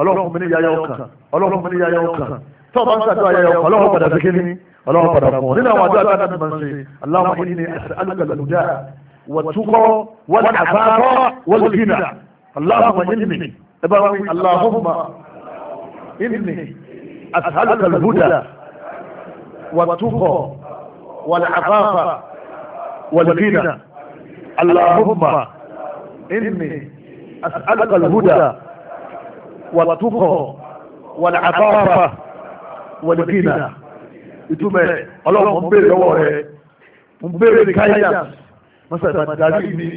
ọlọ́wọ́ mi ní ìyáyọ ọkàn ọlọ́wọ́ mi ní ìyáyọ ọkàn tó ọba ń sàdúrà ìyáyọ ọkàn ọlọ́wọ́ padà sí kíní ọlọ́wọ́ padà fún ọ nínú àwọn àdúrà tó ń bá ń ṣe aláwọ̀ ẹni ní àṣà alùpàlùdà wọ̀túkọ́ wọ́n اللهم إني أبوي اللهم إني أسألك الهدى والتقى والعفاف والغنى اللهم إني أسألك الهدى والتقى والعفاف والغنى ìtumẹ̀ ọlọ́run ń béèrè lọ́wọ́ rẹ̀ ń béèrè káyà mọ́sàtà dárí mi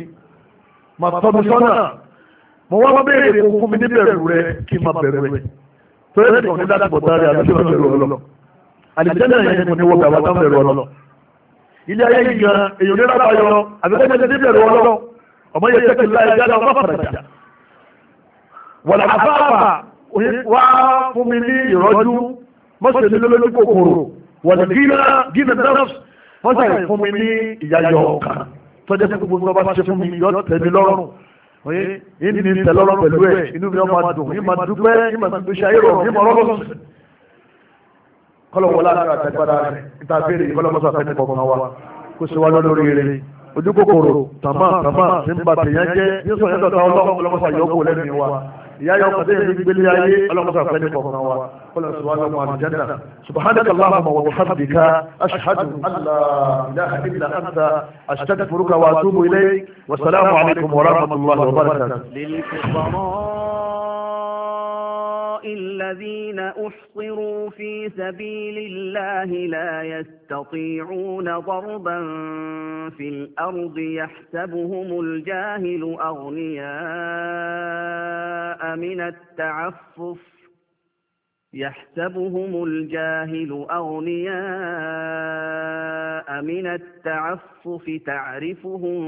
mo wá wá béèrè kó fún mi níbẹ̀rù rẹ kí n má bẹ̀rù rẹ torí ẹ̀sìn kan láti bọ̀ dárí àti ìbẹ̀rù bẹ̀rù ọlọ àlìjẹ́nà yẹn kò ní wọ bẹ̀rù àti bẹ̀rù ọlọ ilé ayé yìí gan èyàn ní rábà yọ àbẹ̀rẹ̀ ní bẹ̀rù ọlọ ọmọ yẹn tẹ́kì láì jáde ọmọ fàràjà wọ̀là àbáàbà wá fún mi ní ìrọ́jú mọ́sẹ̀ ní lórí kòkòrò wọ̀là gíná gíná dáfs mọ́sẹ̀ fún mi ní ìyáyọ̀ kan tọ́jú fún gbogbo bá ṣe fún mi yọ tẹ̀mí lọ́rùn oye yìí ní tẹlọrọ pẹ̀lú ẹ inú mi ọmọ dùn yìí máa dúpẹ́ yìí máa fi ṣe ayé rọrùn yìí máa rọrùn sí. kọlọwọlá àti àtẹgbára rẹ níta béèrè kọlọmọsọ àfẹnẹ kọkàn wa kó ṣe wá lórí rere ojú kòkòrò tàmá tàmá tí ń ba tèèyàn jẹ yóò sọ yẹn dọ̀tà ọlọ́run kọlọmọsọ àyọkù lẹ́nu wa ìyá yọ ọkọ̀ déyìn gbélé ayé ọlọ́mọdé àfẹ́ nípa ọ̀kan wa kọ́lá sọ wà lọ́mọ àlùjánnà subhanaka allahumma wa bihamdika ashhadu an la ilaha illa anta astaghfiruka wa atubu ilayk wa alaykum wa rahmatullahi wa barakatuh. الذين أحصروا في سبيل الله لا يستطيعون ضربا في الأرض يحسبهم الجاهل أغنياء من التعفف يحسبهم الجاهل أغنياء من التعفف تعرفهم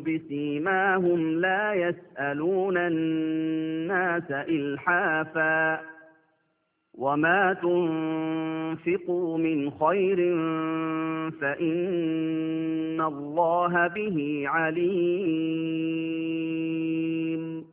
بسيماهم لا يسألون الناس إلحافا وما تنفقوا من خير فإن الله به عليم